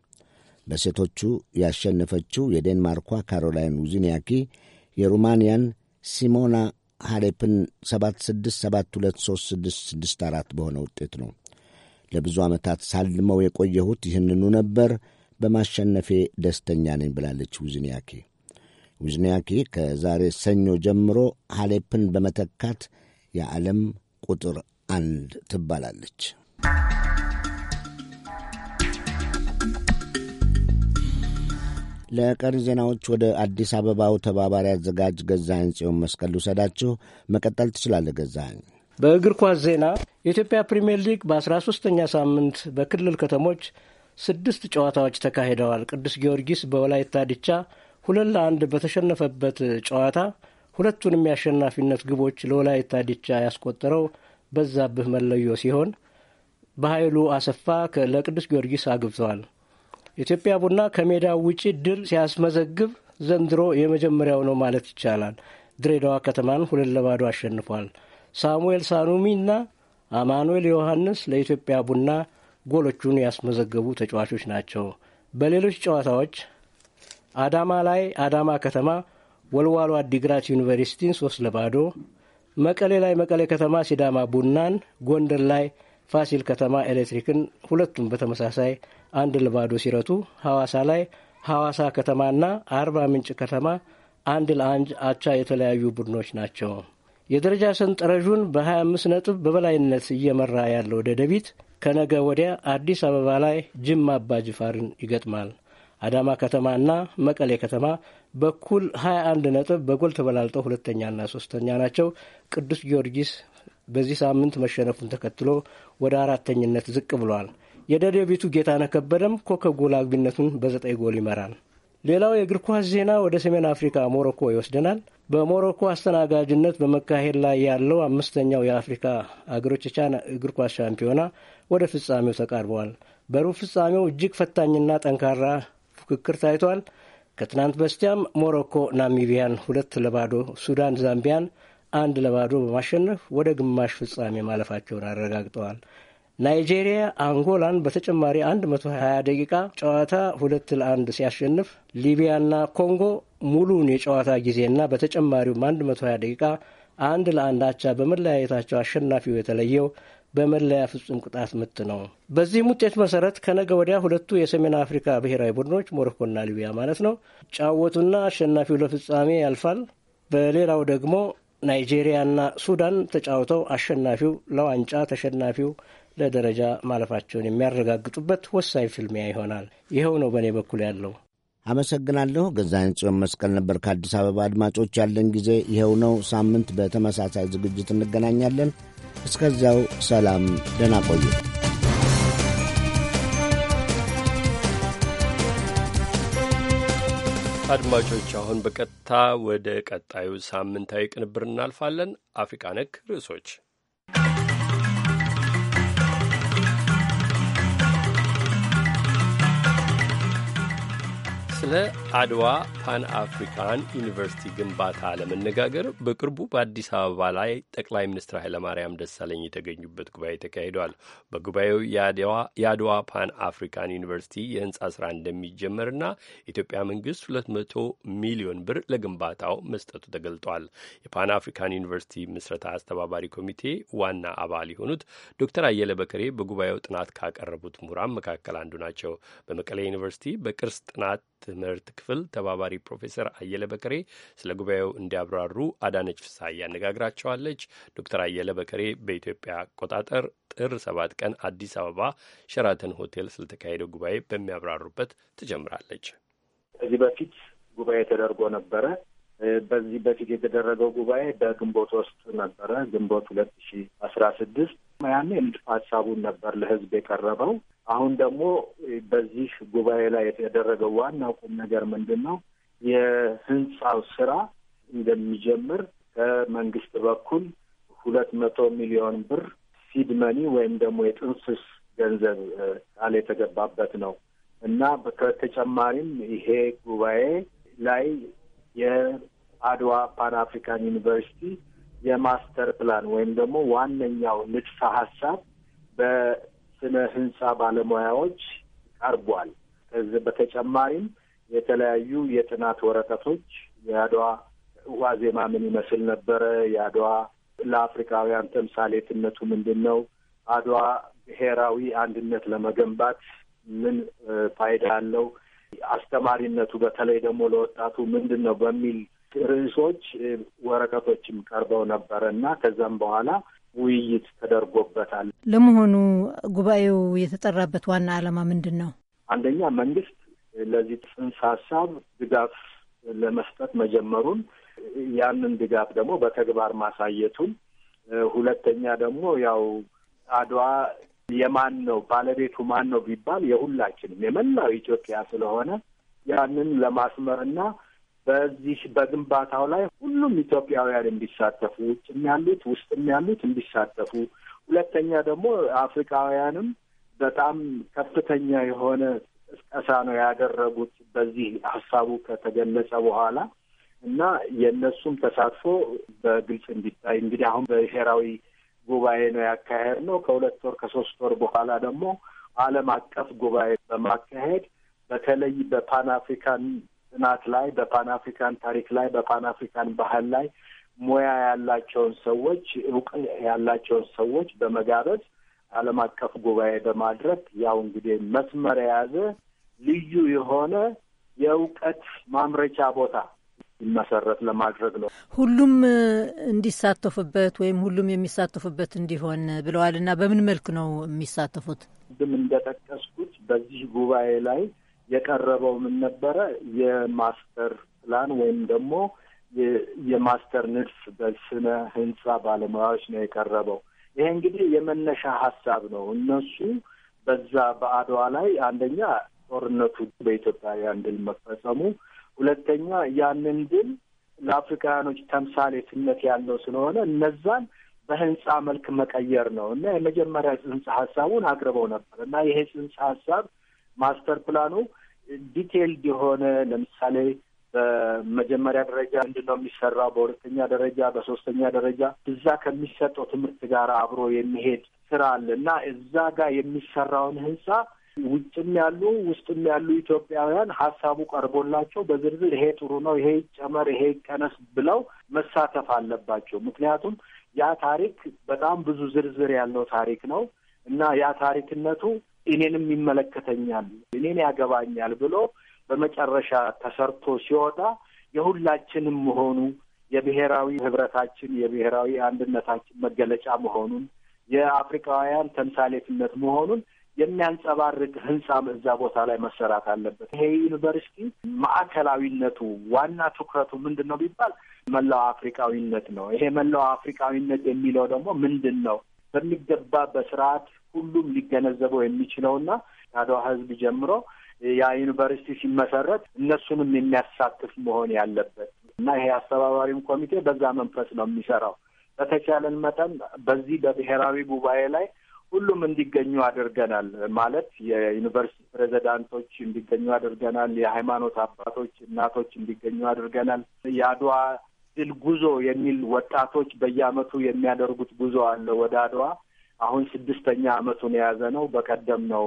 በሴቶቹ ያሸነፈችው የዴንማርኳ ካሮላይን ዊዝኒያኪ የሩማንያን ሲሞና ሃሌፕን 76723664 በሆነ ውጤት ነው። ለብዙ ዓመታት ሳልመው የቆየሁት ይህንኑ ነበር፣ በማሸነፌ ደስተኛ ነኝ ብላለች ውዝኒያኪ ዊዝኒያኪ ከዛሬ ሰኞ ጀምሮ ሃሌፕን በመተካት የዓለም ቁጥር አንድ ትባላለች። ለቀን ዜናዎች ወደ አዲስ አበባው ተባባሪ አዘጋጅ ገዛኸኝ ጽዮን መስቀል ልውሰዳችሁ። መቀጠል ትችላለህ ገዛኸኝ። በእግር ኳስ ዜና የኢትዮጵያ ፕሪምየር ሊግ በ13ኛ ሳምንት በክልል ከተሞች ስድስት ጨዋታዎች ተካሂደዋል። ቅዱስ ጊዮርጊስ በወላይታ ዲቻ ሁለት ለአንድ በተሸነፈበት ጨዋታ ሁለቱንም የአሸናፊነት ግቦች ለወላይታ ዲቻ ያስቆጠረው በዛብህ መለዮ ሲሆን በኃይሉ አሰፋ ለቅዱስ ጊዮርጊስ አግብተዋል። ኢትዮጵያ ቡና ከሜዳ ውጪ ድል ሲያስመዘግብ ዘንድሮ የመጀመሪያው ነው ማለት ይቻላል። ድሬዳዋ ከተማን ሁለት ለባዶ አሸንፏል። ሳሙኤል ሳኑሚ እና አማኑኤል ዮሐንስ ለኢትዮጵያ ቡና ጎሎቹን ያስመዘገቡ ተጫዋቾች ናቸው። በሌሎች ጨዋታዎች አዳማ ላይ አዳማ ከተማ ወልዋሎ አዲግራት ዩኒቨርሲቲን ሶስት ለባዶ፣ መቀሌ ላይ መቀሌ ከተማ ሲዳማ ቡናን፣ ጎንደር ላይ ፋሲል ከተማ ኤሌክትሪክን ሁለቱም በተመሳሳይ አንድ ለባዶ ሲረቱ ሐዋሳ ላይ ሐዋሳ ከተማና አርባ ምንጭ ከተማ አንድ ለአንድ አቻ የተለያዩ ቡድኖች ናቸው። የደረጃ ሰንጠረዡን በ25 ነጥብ በበላይነት እየመራ ያለው ደደቢት ከነገ ወዲያ አዲስ አበባ ላይ ጅማ አባ ጅፋርን ይገጥማል። አዳማ ከተማና መቀሌ ከተማ በኩል 21 ነጥብ በጎል ተበላልጠው ሁለተኛና ሶስተኛ ናቸው። ቅዱስ ጊዮርጊስ በዚህ ሳምንት መሸነፉን ተከትሎ ወደ አራተኝነት ዝቅ ብሏል። የደደቢቱ ጌታነህ ከበደም ኮከብ ጎል አግቢነቱን በዘጠኝ ጎል ይመራል። ሌላው የእግር ኳስ ዜና ወደ ሰሜን አፍሪካ ሞሮኮ ይወስደናል። በሞሮኮ አስተናጋጅነት በመካሄድ ላይ ያለው አምስተኛው የአፍሪካ አገሮች የቻና እግር ኳስ ሻምፒዮና ወደ ፍጻሜው ተቃርበዋል። በሩብ ፍጻሜው እጅግ ፈታኝና ጠንካራ ፉክክር ታይቷል። ከትናንት በስቲያም ሞሮኮ ናሚቢያን ሁለት ለባዶ፣ ሱዳን ዛምቢያን አንድ ለባዶ በማሸነፍ ወደ ግማሽ ፍጻሜ ማለፋቸውን አረጋግጠዋል። ናይጄሪያ አንጎላን በተጨማሪ 120 ደቂቃ ጨዋታ ሁለት ለአንድ ሲያሸንፍ ሊቢያና ኮንጎ ሙሉውን የጨዋታ ጊዜና በተጨማሪውም 120 ደቂቃ አንድ ለአንድ አቻ በመለያየታቸው አሸናፊው የተለየው በመለያ ፍጹም ቅጣት ምት ነው። በዚህም ውጤት መሰረት ከነገ ወዲያ ሁለቱ የሰሜን አፍሪካ ብሔራዊ ቡድኖች ሞሮኮና ሊቢያ ማለት ነው ጫወቱና አሸናፊው ለፍጻሜ ያልፋል። በሌላው ደግሞ ናይጄሪያና ሱዳን ተጫውተው አሸናፊው ለዋንጫ ተሸናፊው ለደረጃ ማለፋቸውን የሚያረጋግጡበት ወሳኝ ፍልሚያ ይሆናል። ይኸው ነው በእኔ በኩል ያለው። አመሰግናለሁ። ገዛኝ ጽዮን መስቀል ነበር ከአዲስ አበባ። አድማጮች ያለን ጊዜ ይኸው ነው። ሳምንት በተመሳሳይ ዝግጅት እንገናኛለን። እስከዚያው ሰላም፣ ደህና ቆዩ። አድማጮች አሁን በቀጥታ ወደ ቀጣዩ ሳምንታዊ ቅንብር እናልፋለን። አፍሪቃ ነክ ርዕሶች ስለ አድዋ ፓን አፍሪካን ዩኒቨርሲቲ ግንባታ ለመነጋገር በቅርቡ በአዲስ አበባ ላይ ጠቅላይ ሚኒስትር ኃይለማርያም ደሳለኝ የተገኙበት ጉባኤ ተካሂዷል። በጉባኤው የአድዋ ፓን አፍሪካን ዩኒቨርሲቲ የህንፃ ስራ እንደሚጀመርና የኢትዮጵያ መንግስት ሁለት መቶ ሚሊዮን ብር ለግንባታው መስጠቱ ተገልጧል። የፓን አፍሪካን ዩኒቨርሲቲ ምስረታ አስተባባሪ ኮሚቴ ዋና አባል የሆኑት ዶክተር አየለ በከሬ በጉባኤው ጥናት ካቀረቡት ምሁራን መካከል አንዱ ናቸው። በመቀሌ ዩኒቨርሲቲ በቅርስ ጥናት ትምህርት ክፍል ተባባሪ ፕሮፌሰር አየለ በከሬ ስለ ጉባኤው እንዲያብራሩ አዳነች ፍስሐ እያነጋግራቸዋለች። ዶክተር አየለ በከሬ በኢትዮጵያ አቆጣጠር ጥር ሰባት ቀን አዲስ አበባ ሸራተን ሆቴል ስለተካሄደው ጉባኤ በሚያብራሩበት ትጀምራለች። ከዚህ በፊት ጉባኤ ተደርጎ ነበረ። በዚህ በፊት የተደረገው ጉባኤ በግንቦት ውስጥ ነበረ። ግንቦት ሁለት ሺ አስራ ስድስት ያኔ ንድፈ ሀሳቡን ነበር ለህዝብ የቀረበው። አሁን ደግሞ በዚህ ጉባኤ ላይ የተደረገው ዋና ቁም ነገር ምንድን ነው? የህንፃው ስራ እንደሚጀምር ከመንግስት በኩል ሁለት መቶ ሚሊዮን ብር ሲድ መኒ ወይም ደግሞ የጥንስስ ገንዘብ ቃል የተገባበት ነው እና ከተጨማሪም ይሄ ጉባኤ ላይ የአድዋ ፓን አፍሪካን ዩኒቨርሲቲ የማስተር ፕላን ወይም ደግሞ ዋነኛው ንድፈ ሀሳብ በስነ ህንፃ ባለሙያዎች ቀርቧል። ከዚህ በተጨማሪም የተለያዩ የጥናት ወረቀቶች የአድዋ ዋዜማ ምን ይመስል ነበረ? የአድዋ ለአፍሪካውያን ተምሳሌትነቱ ምንድን ነው? አድዋ ብሔራዊ አንድነት ለመገንባት ምን ፋይዳ አለው? አስተማሪነቱ በተለይ ደግሞ ለወጣቱ ምንድን ነው በሚል ርዕሶች፣ ወረቀቶችም ቀርበው ነበረ እና ከዛም በኋላ ውይይት ተደርጎበታል። ለመሆኑ ጉባኤው የተጠራበት ዋና ዓላማ ምንድን ነው? አንደኛ መንግስት ለዚህ ጽንሰ ሀሳብ ድጋፍ ለመስጠት መጀመሩን ያንን ድጋፍ ደግሞ በተግባር ማሳየቱን፣ ሁለተኛ ደግሞ ያው አድዋ የማን ነው ባለቤቱ ማን ነው ቢባል የሁላችንም የመላው ኢትዮጵያ ስለሆነ ያንን ለማስመርና በዚህ በግንባታው ላይ ሁሉም ኢትዮጵያውያን እንዲሳተፉ ውጭም ያሉት ውስጥም ያሉት እንዲሳተፉ፣ ሁለተኛ ደግሞ አፍሪካውያንም በጣም ከፍተኛ የሆነ ቅስቀሳ ነው ያደረጉት በዚህ ሀሳቡ ከተገለጸ በኋላ እና የእነሱም ተሳትፎ በግልጽ እንዲታይ እንግዲህ አሁን በብሔራዊ ጉባኤ ነው ያካሄድ ነው። ከሁለት ወር ከሶስት ወር በኋላ ደግሞ ዓለም አቀፍ ጉባኤ በማካሄድ በተለይ በፓን አፍሪካን ጥናት ላይ በፓን አፍሪካን ታሪክ ላይ በፓን አፍሪካን ባህል ላይ ሙያ ያላቸውን ሰዎች እውቅ ያላቸውን ሰዎች በመጋበዝ ዓለም አቀፍ ጉባኤ በማድረግ ያው እንግዲህ መስመር የያዘ ልዩ የሆነ የእውቀት ማምረቻ ቦታ መሰረት ለማድረግ ነው። ሁሉም እንዲሳተፉበት ወይም ሁሉም የሚሳተፉበት እንዲሆን ብለዋል እና በምን መልክ ነው የሚሳተፉት? ቅድም እንደጠቀስኩት በዚህ ጉባኤ ላይ የቀረበው ምን ነበረ? የማስተር ፕላን ወይም ደግሞ የማስተር ንድፍ በስነ ህንፃ ባለሙያዎች ነው የቀረበው። ይሄ እንግዲህ የመነሻ ሀሳብ ነው። እነሱ በዛ በአድዋ ላይ አንደኛ ጦርነቱ በኢትዮጵያውያን ድል መፈጸሙ፣ ሁለተኛ ያንን ድል ለአፍሪካውያኖች ተምሳሌትነት ያለው ስለሆነ እነዛን በህንፃ መልክ መቀየር ነው እና የመጀመሪያ ጽንሰ ሀሳቡን አቅርበው ነበር እና ይሄ ጽንሰ ሀሳብ ማስተር ፕላኑ ዲቴይልድ የሆነ ለምሳሌ በመጀመሪያ ደረጃ ምንድን ነው የሚሰራው፣ በሁለተኛ ደረጃ፣ በሶስተኛ ደረጃ እዛ ከሚሰጠው ትምህርት ጋር አብሮ የሚሄድ ስራ አለ እና እዛ ጋር የሚሰራውን ህንፃ ውጭም ያሉ ውስጥም ያሉ ኢትዮጵያውያን ሀሳቡ ቀርቦላቸው በዝርዝር ይሄ ጥሩ ነው፣ ይሄ ይጨመር፣ ይሄ ይቀነስ ብለው መሳተፍ አለባቸው። ምክንያቱም ያ ታሪክ በጣም ብዙ ዝርዝር ያለው ታሪክ ነው እና ያ ታሪክነቱ እኔንም ይመለከተኛል፣ እኔን ያገባኛል ብሎ በመጨረሻ ተሰርቶ ሲወጣ የሁላችንም መሆኑ የብሔራዊ ህብረታችን የብሔራዊ አንድነታችን መገለጫ መሆኑን የአፍሪካውያን ተምሳሌትነት መሆኑን የሚያንጸባርቅ ህንፃ እዛ ቦታ ላይ መሰራት አለበት። ይሄ ዩኒቨርሲቲ ማዕከላዊነቱ ዋና ትኩረቱ ምንድን ነው ቢባል መላው አፍሪካዊነት ነው። ይሄ መላው አፍሪካዊነት የሚለው ደግሞ ምንድን ነው? በሚገባ በስርዓት ሁሉም ሊገነዘበው የሚችለውና ከአድዋ ህዝብ ጀምሮ ያ ዩኒቨርሲቲ ሲመሰረት እነሱንም የሚያሳትፍ መሆን ያለበት እና ይሄ አስተባባሪም ኮሚቴ በዛ መንፈስ ነው የሚሰራው። በተቻለን መጠን በዚህ በብሔራዊ ጉባኤ ላይ ሁሉም እንዲገኙ አድርገናል። ማለት የዩኒቨርሲቲ ፕሬዚዳንቶች እንዲገኙ አድርገናል። የሃይማኖት አባቶች፣ እናቶች እንዲገኙ አድርገናል። የአድዋ ድል ጉዞ የሚል ወጣቶች በየአመቱ የሚያደርጉት ጉዞ አለ ወደ አድዋ። አሁን ስድስተኛ አመቱን የያዘ ነው። በቀደም ነው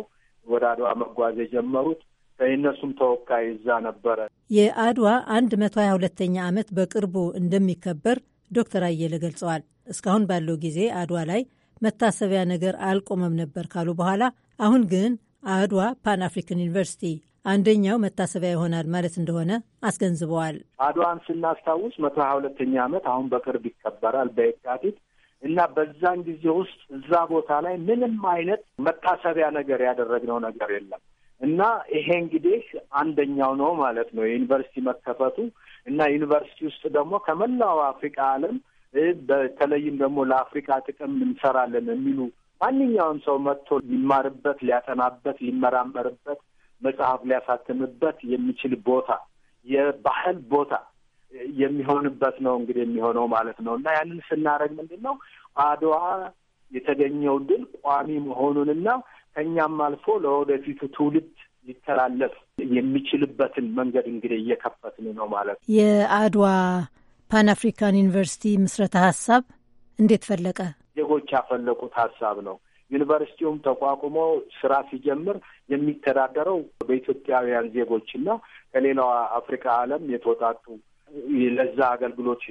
ወደ አድዋ መጓዝ የጀመሩት። ከእነሱም ተወካይ እዛ ነበረ። የአድዋ አንድ መቶ ሀያ ሁለተኛ ዓመት በቅርቡ እንደሚከበር ዶክተር አየለ ገልጸዋል። እስካሁን ባለው ጊዜ አድዋ ላይ መታሰቢያ ነገር አልቆመም ነበር ካሉ በኋላ አሁን ግን አድዋ ፓን አፍሪካን ዩኒቨርሲቲ አንደኛው መታሰቢያ ይሆናል ማለት እንደሆነ አስገንዝበዋል። አድዋን ስናስታውስ መቶ ሀያ ሁለተኛ ዓመት አሁን በቅርብ ይከበራል በየካቲት እና በዛን ጊዜ ውስጥ እዛ ቦታ ላይ ምንም አይነት መታሰቢያ ነገር ያደረግነው ነገር የለም እና ይሄ እንግዲህ አንደኛው ነው ማለት ነው የዩኒቨርሲቲ መከፈቱ እና ዩኒቨርሲቲ ውስጥ ደግሞ ከመላው አፍሪካ ዓለም በተለይም ደግሞ ለአፍሪካ ጥቅም እንሰራለን የሚሉ ማንኛውም ሰው መጥቶ ሊማርበት፣ ሊያጠናበት፣ ሊመራመርበት መጽሐፍ ሊያሳትምበት የሚችል ቦታ የባህል ቦታ የሚሆንበት ነው እንግዲህ የሚሆነው ማለት ነው። እና ያንን ስናደርግ ምንድን ነው አድዋ የተገኘው ድል ቋሚ መሆኑንና ከእኛም አልፎ ለወደፊቱ ትውልድ ሊተላለፍ የሚችልበትን መንገድ እንግዲህ እየከፈትን ነው ማለት ነው። የአድዋ ፓን አፍሪካን ዩኒቨርሲቲ ምስረታ ሀሳብ እንዴት ፈለቀ? ዜጎች ያፈለቁት ሀሳብ ነው። ዩኒቨርሲቲውም ተቋቁሞ ስራ ሲጀምር የሚተዳደረው በኢትዮጵያውያን ዜጎች እና ከሌላው አፍሪካ ዓለም የተወጣጡ ለዛ አገልግሎት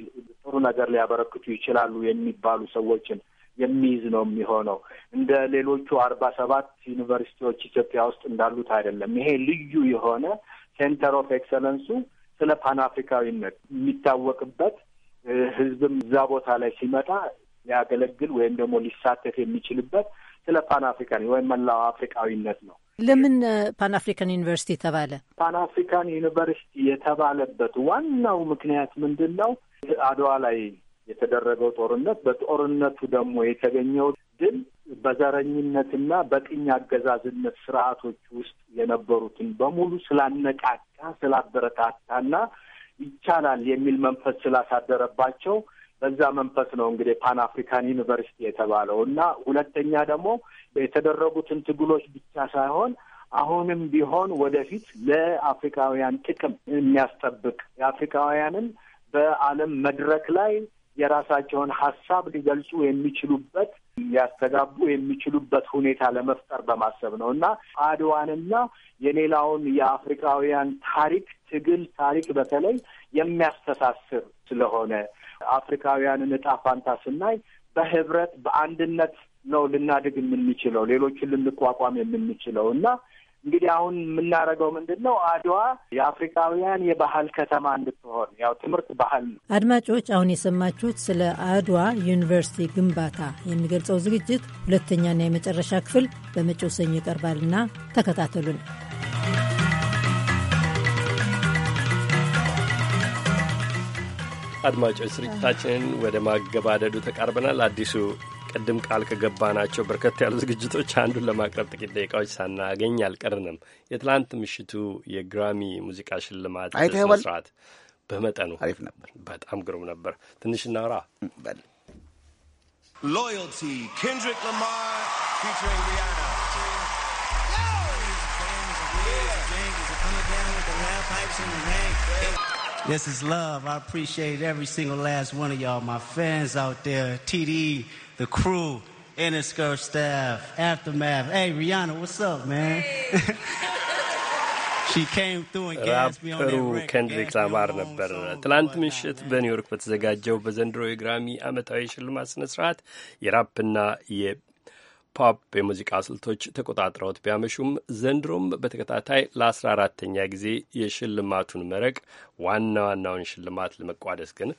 ጥሩ ነገር ሊያበረክቱ ይችላሉ የሚባሉ ሰዎችን የሚይዝ ነው የሚሆነው። እንደ ሌሎቹ አርባ ሰባት ዩኒቨርሲቲዎች ኢትዮጵያ ውስጥ እንዳሉት አይደለም። ይሄ ልዩ የሆነ ሴንተር ኦፍ ኤክሰለንሱ ስለ ፓንአፍሪካዊነት የሚታወቅበት ህዝብም እዛ ቦታ ላይ ሲመጣ ሊያገለግል ወይም ደግሞ ሊሳተፍ የሚችልበት ስለ ፓን አፍሪካን ወይም መላው አፍሪካዊነት ነው። ለምን ፓን አፍሪካን ዩኒቨርሲቲ ተባለ? ፓን አፍሪካን ዩኒቨርሲቲ የተባለበት ዋናው ምክንያት ምንድን ነው? አድዋ ላይ የተደረገው ጦርነት፣ በጦርነቱ ደግሞ የተገኘው ድል በዘረኝነትና በቅኝ አገዛዝነት ስርዓቶች ውስጥ የነበሩትን በሙሉ ስላነቃቃ ስላበረታታና ይቻላል የሚል መንፈስ ስላሳደረባቸው በዛ መንፈስ ነው እንግዲህ ፓን አፍሪካን ዩኒቨርሲቲ የተባለው እና ሁለተኛ ደግሞ የተደረጉትን ትግሎች ብቻ ሳይሆን አሁንም ቢሆን ወደፊት ለአፍሪካውያን ጥቅም የሚያስጠብቅ የአፍሪካውያንን በዓለም መድረክ ላይ የራሳቸውን ሀሳብ ሊገልጹ የሚችሉበት ሊያስተጋቡ የሚችሉበት ሁኔታ ለመፍጠር በማሰብ ነው እና አድዋንና የሌላውን የአፍሪካውያን ታሪክ ትግል ታሪክ በተለይ የሚያስተሳስር ስለሆነ አፍሪካውያንን እጣ ፋንታ ስናይ በህብረት በአንድነት ነው ልናድግ የምንችለው ሌሎችን ልንቋቋም የምንችለው እና እንግዲህ አሁን የምናደርገው ምንድን ነው? አድዋ የአፍሪካውያን የባህል ከተማ እንድትሆን ያው ትምህርት ባህል ነው። አድማጮች፣ አሁን የሰማችሁት ስለ አድዋ ዩኒቨርሲቲ ግንባታ የሚገልጸው ዝግጅት ሁለተኛና የመጨረሻ ክፍል በመጪው ሰኞ ይቀርባልና ተከታተሉን። አድማጮች ስርጭታችንን ወደ ማገባደዱ ተቃርበናል። አዲሱ ቅድም ቃል ከገባናቸው በርከት ያሉ ዝግጅቶች አንዱን ለማቅረብ ጥቂት ደቂቃዎች ሳናገኝ አልቀርንም። የትላንት ምሽቱ የግራሚ ሙዚቃ ሽልማት ስነስርዓት በመጠኑ አሪፍ ነበር። በጣም ግሩም ነበር። ትንሽ እናውራ። ሎያልቲ ኬንድሪክ ሪያና This is love. I appreciate every single last one of y'all, my fans out there, TD, the crew, Interscope staff, Aftermath. Hey, Rihanna, what's up, man? Hey. ራፐሩ ኬንድሪክ ላማር ነበረ ትላንት ምሽት በኒውዮርክ በተዘጋጀው በዘንድሮ የግራሚ ዓመታዊ ሽልማት ስነ ስርዓት የራፕና ፖፕ የሙዚቃ ስልቶች ተቆጣጥረውት ቢያመሹም ዘንድሮም በተከታታይ ለአስራ አራተኛ ጊዜ የሽልማቱን መረቅ ዋና ዋናውን ሽልማት ለመቋደስ ግን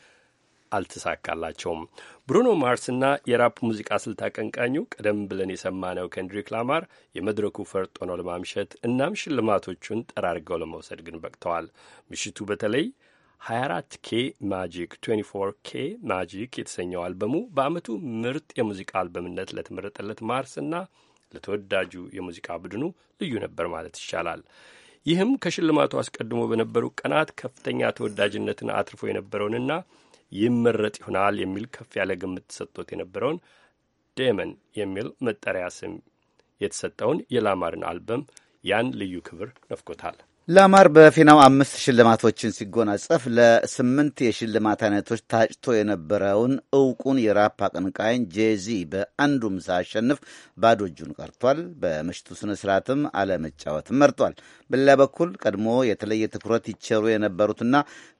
አልተሳካላቸውም። ብሩኖ ማርስና የራፕ ሙዚቃ ስልት አቀንቃኙ ቀደም ብለን የሰማነው ከንድሪክ ላማር የመድረኩ ፈርጦ ነው ለማምሸት እናም ሽልማቶቹን ጠራርገው ለመውሰድ ግን በቅተዋል። ምሽቱ በተለይ 24 ኬ ማጂክ 24 ኬ ማጂክ የተሰኘው አልበሙ በአመቱ ምርጥ የሙዚቃ አልበምነት ለተመረጠለት ማርስና ለተወዳጁ የሙዚቃ ቡድኑ ልዩ ነበር ማለት ይቻላል። ይህም ከሽልማቱ አስቀድሞ በነበሩ ቀናት ከፍተኛ ተወዳጅነትን አትርፎ የነበረውንና ይመረጥ ይሆናል የሚል ከፍ ያለ ግምት ተሰጥቶት የነበረውን ዴመን የሚል መጠሪያ ስም የተሰጠውን የላማርን አልበም ያን ልዩ ክብር ነፍጎታል። ላማር በፊናው አምስት ሽልማቶችን ሲጎናጸፍ ለስምንት የሽልማት አይነቶች ታጭቶ የነበረውን እውቁን የራፕ አቀንቃኝ ጄዚ በአንዱም ሳያሸንፍ ባዶ እጁን ቀርቷል። በምሽቱ ስነ ስርዓትም አለመጫወትም መርጧል። በሌላ በኩል ቀድሞ የተለየ ትኩረት ይቸሩ የነበሩትና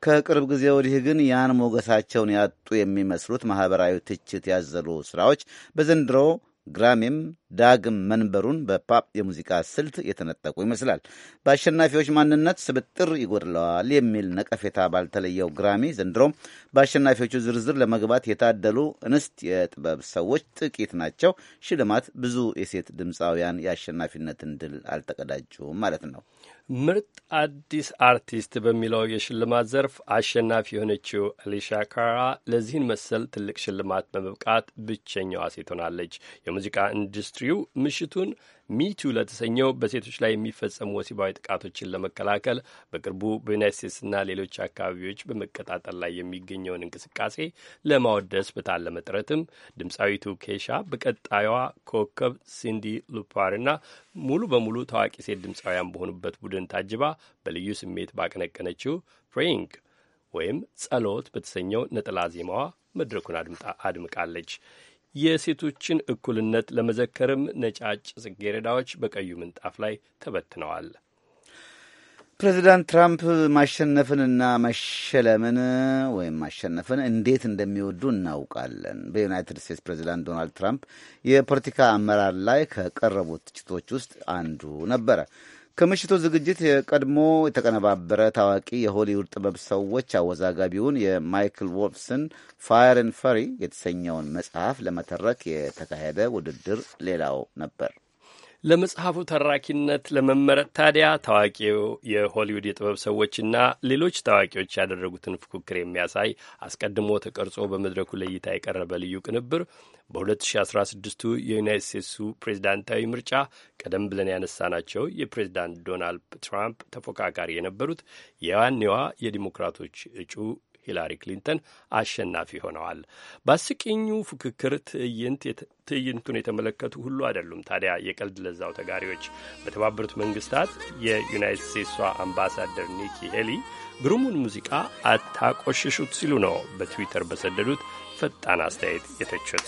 ከቅርብ ጊዜ ወዲህ ግን ያን ሞገሳቸውን ያጡ የሚመስሉት ማህበራዊ ትችት ያዘሉ ስራዎች በዘንድሮው ግራሚም ዳግም መንበሩን በፓፕ የሙዚቃ ስልት የተነጠቁ ይመስላል። በአሸናፊዎች ማንነት ስብጥር ይጎድለዋል የሚል ነቀፌታ ባልተለየው ግራሚ ዘንድሮም በአሸናፊዎቹ ዝርዝር ለመግባት የታደሉ እንስት የጥበብ ሰዎች ጥቂት ናቸው። ሽልማት ብዙ የሴት ድምፃውያን የአሸናፊነትን ድል አልተቀዳጁም ማለት ነው። ምርጥ አዲስ አርቲስት በሚለው የሽልማት ዘርፍ አሸናፊ የሆነችው አሊሻ ካራ ለዚህን መሰል ትልቅ ሽልማት በመብቃት ብቸኛዋ ሴት ሆናለች። የሙዚቃ ኢንዱስትሪው ምሽቱን ሚቱ ለተሰኘው በሴቶች ላይ የሚፈጸሙ ወሲባዊ ጥቃቶችን ለመከላከል በቅርቡ በዩናይት ስቴትስና ሌሎች አካባቢዎች በመቀጣጠል ላይ የሚገኘውን እንቅስቃሴ ለማወደስ በታለመ ጥረትም ድምፃዊቱ ኬሻ በቀጣዩዋ ኮከብ ሲንዲ ሉፓርና ሙሉ በሙሉ ታዋቂ ሴት ድምፃውያን በሆኑበት ቡድን ታጅባ በልዩ ስሜት ባቀነቀነችው ፕሬይንግ ወይም ጸሎት በተሰኘው ነጠላ ዜማዋ መድረኩን አድምቃለች። የሴቶችን እኩልነት ለመዘከርም ነጫጭ ጽጌረዳዎች በቀዩ ምንጣፍ ላይ ተበትነዋል። ፕሬዚዳንት ትራምፕ ማሸነፍንና መሸለምን ወይም ማሸነፍን እንዴት እንደሚወዱ እናውቃለን። በዩናይትድ ስቴትስ ፕሬዚዳንት ዶናልድ ትራምፕ የፖለቲካ አመራር ላይ ከቀረቡት ትችቶች ውስጥ አንዱ ነበረ። ከምሽቱ ዝግጅት የቀድሞ የተቀነባበረ ታዋቂ የሆሊውድ ጥበብ ሰዎች አወዛጋቢውን የማይክል ዎልፍስን ፋርን ፈሪ የተሰኘውን መጽሐፍ ለመተረክ የተካሄደ ውድድር ሌላው ነበር። ለመጽሐፉ ተራኪነት ለመመረጥ ታዲያ ታዋቂው የሆሊውድ የጥበብ ሰዎችና ሌሎች ታዋቂዎች ያደረጉትን ፉክክር የሚያሳይ አስቀድሞ ተቀርጾ በመድረኩ ለእይታ የቀረበ ልዩ ቅንብር በ 2016 የዩናይት ስቴትሱ ፕሬዚዳንታዊ ምርጫ ቀደም ብለን ያነሳናቸው የፕሬዚዳንት ዶናልድ ትራምፕ ተፎካካሪ የነበሩት የዋኔዋ የዲሞክራቶች እጩ ሂላሪ ክሊንተን አሸናፊ ሆነዋል። በአስቂኙ ፉክክር ትዕይንቱን የተመለከቱ ሁሉ አይደሉም ታዲያ የቀልድ ለዛው ተጋሪዎች። በተባበሩት መንግስታት የዩናይትድ ስቴትሷ አምባሳደር ኒኪ ሄሊ ግሩሙን ሙዚቃ አታቆሽሹት ሲሉ ነው በትዊተር በሰደዱት ፈጣን አስተያየት የተቹት።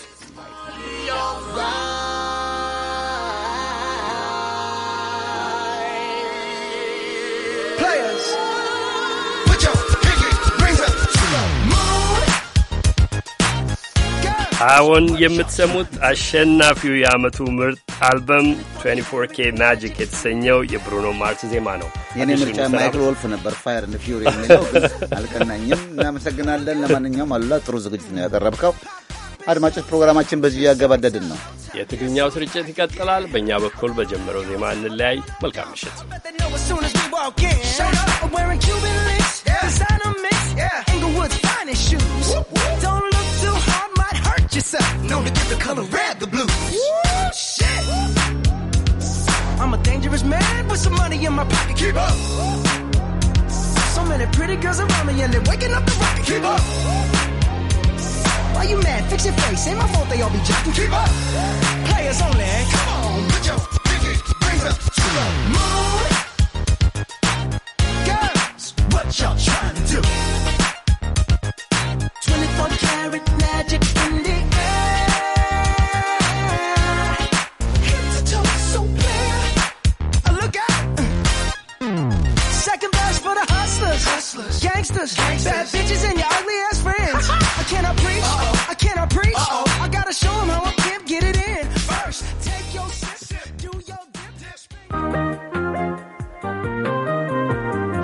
አዎን የምትሰሙት አሸናፊው የዓመቱ ምርጥ አልበም 24 k ማጂክ የተሰኘው የብሩኖ ማርስ ዜማ ነው። የኔ ምርጫ ማይክል ወልፍ ነበር፣ ፋየር ን ፊውሪ የሚለው አልቀናኝም። እናመሰግናለን። ለማንኛውም አሉላ ጥሩ ዝግጅት ነው ያቀረብከው። አድማጮች ፕሮግራማችን በዚሁ ያገባደድን ነው። የትግርኛው ስርጭት ይቀጥላል። በእኛ በኩል በጀመረው ዜማ እንለያይ። መልካም ምሽት። Whoop, Designer mix, yeah. Inglewood's finest shoes. Whoop, whoop. Don't look yourself. Known to the color red the blues. shit. I'm a dangerous man with some money in my pocket. Keep up. So many pretty girls around me and they're waking up the rocket. Keep up. Why you mad? Fix your face. Ain't my fault they all be jacking. Keep up. Players only. Come on, put your pinky up to the moon. Girls, what y'all trying to do? 24 karat magic. hustlers, gangsters, gangsters, bad bitches, and your ugly ass friends.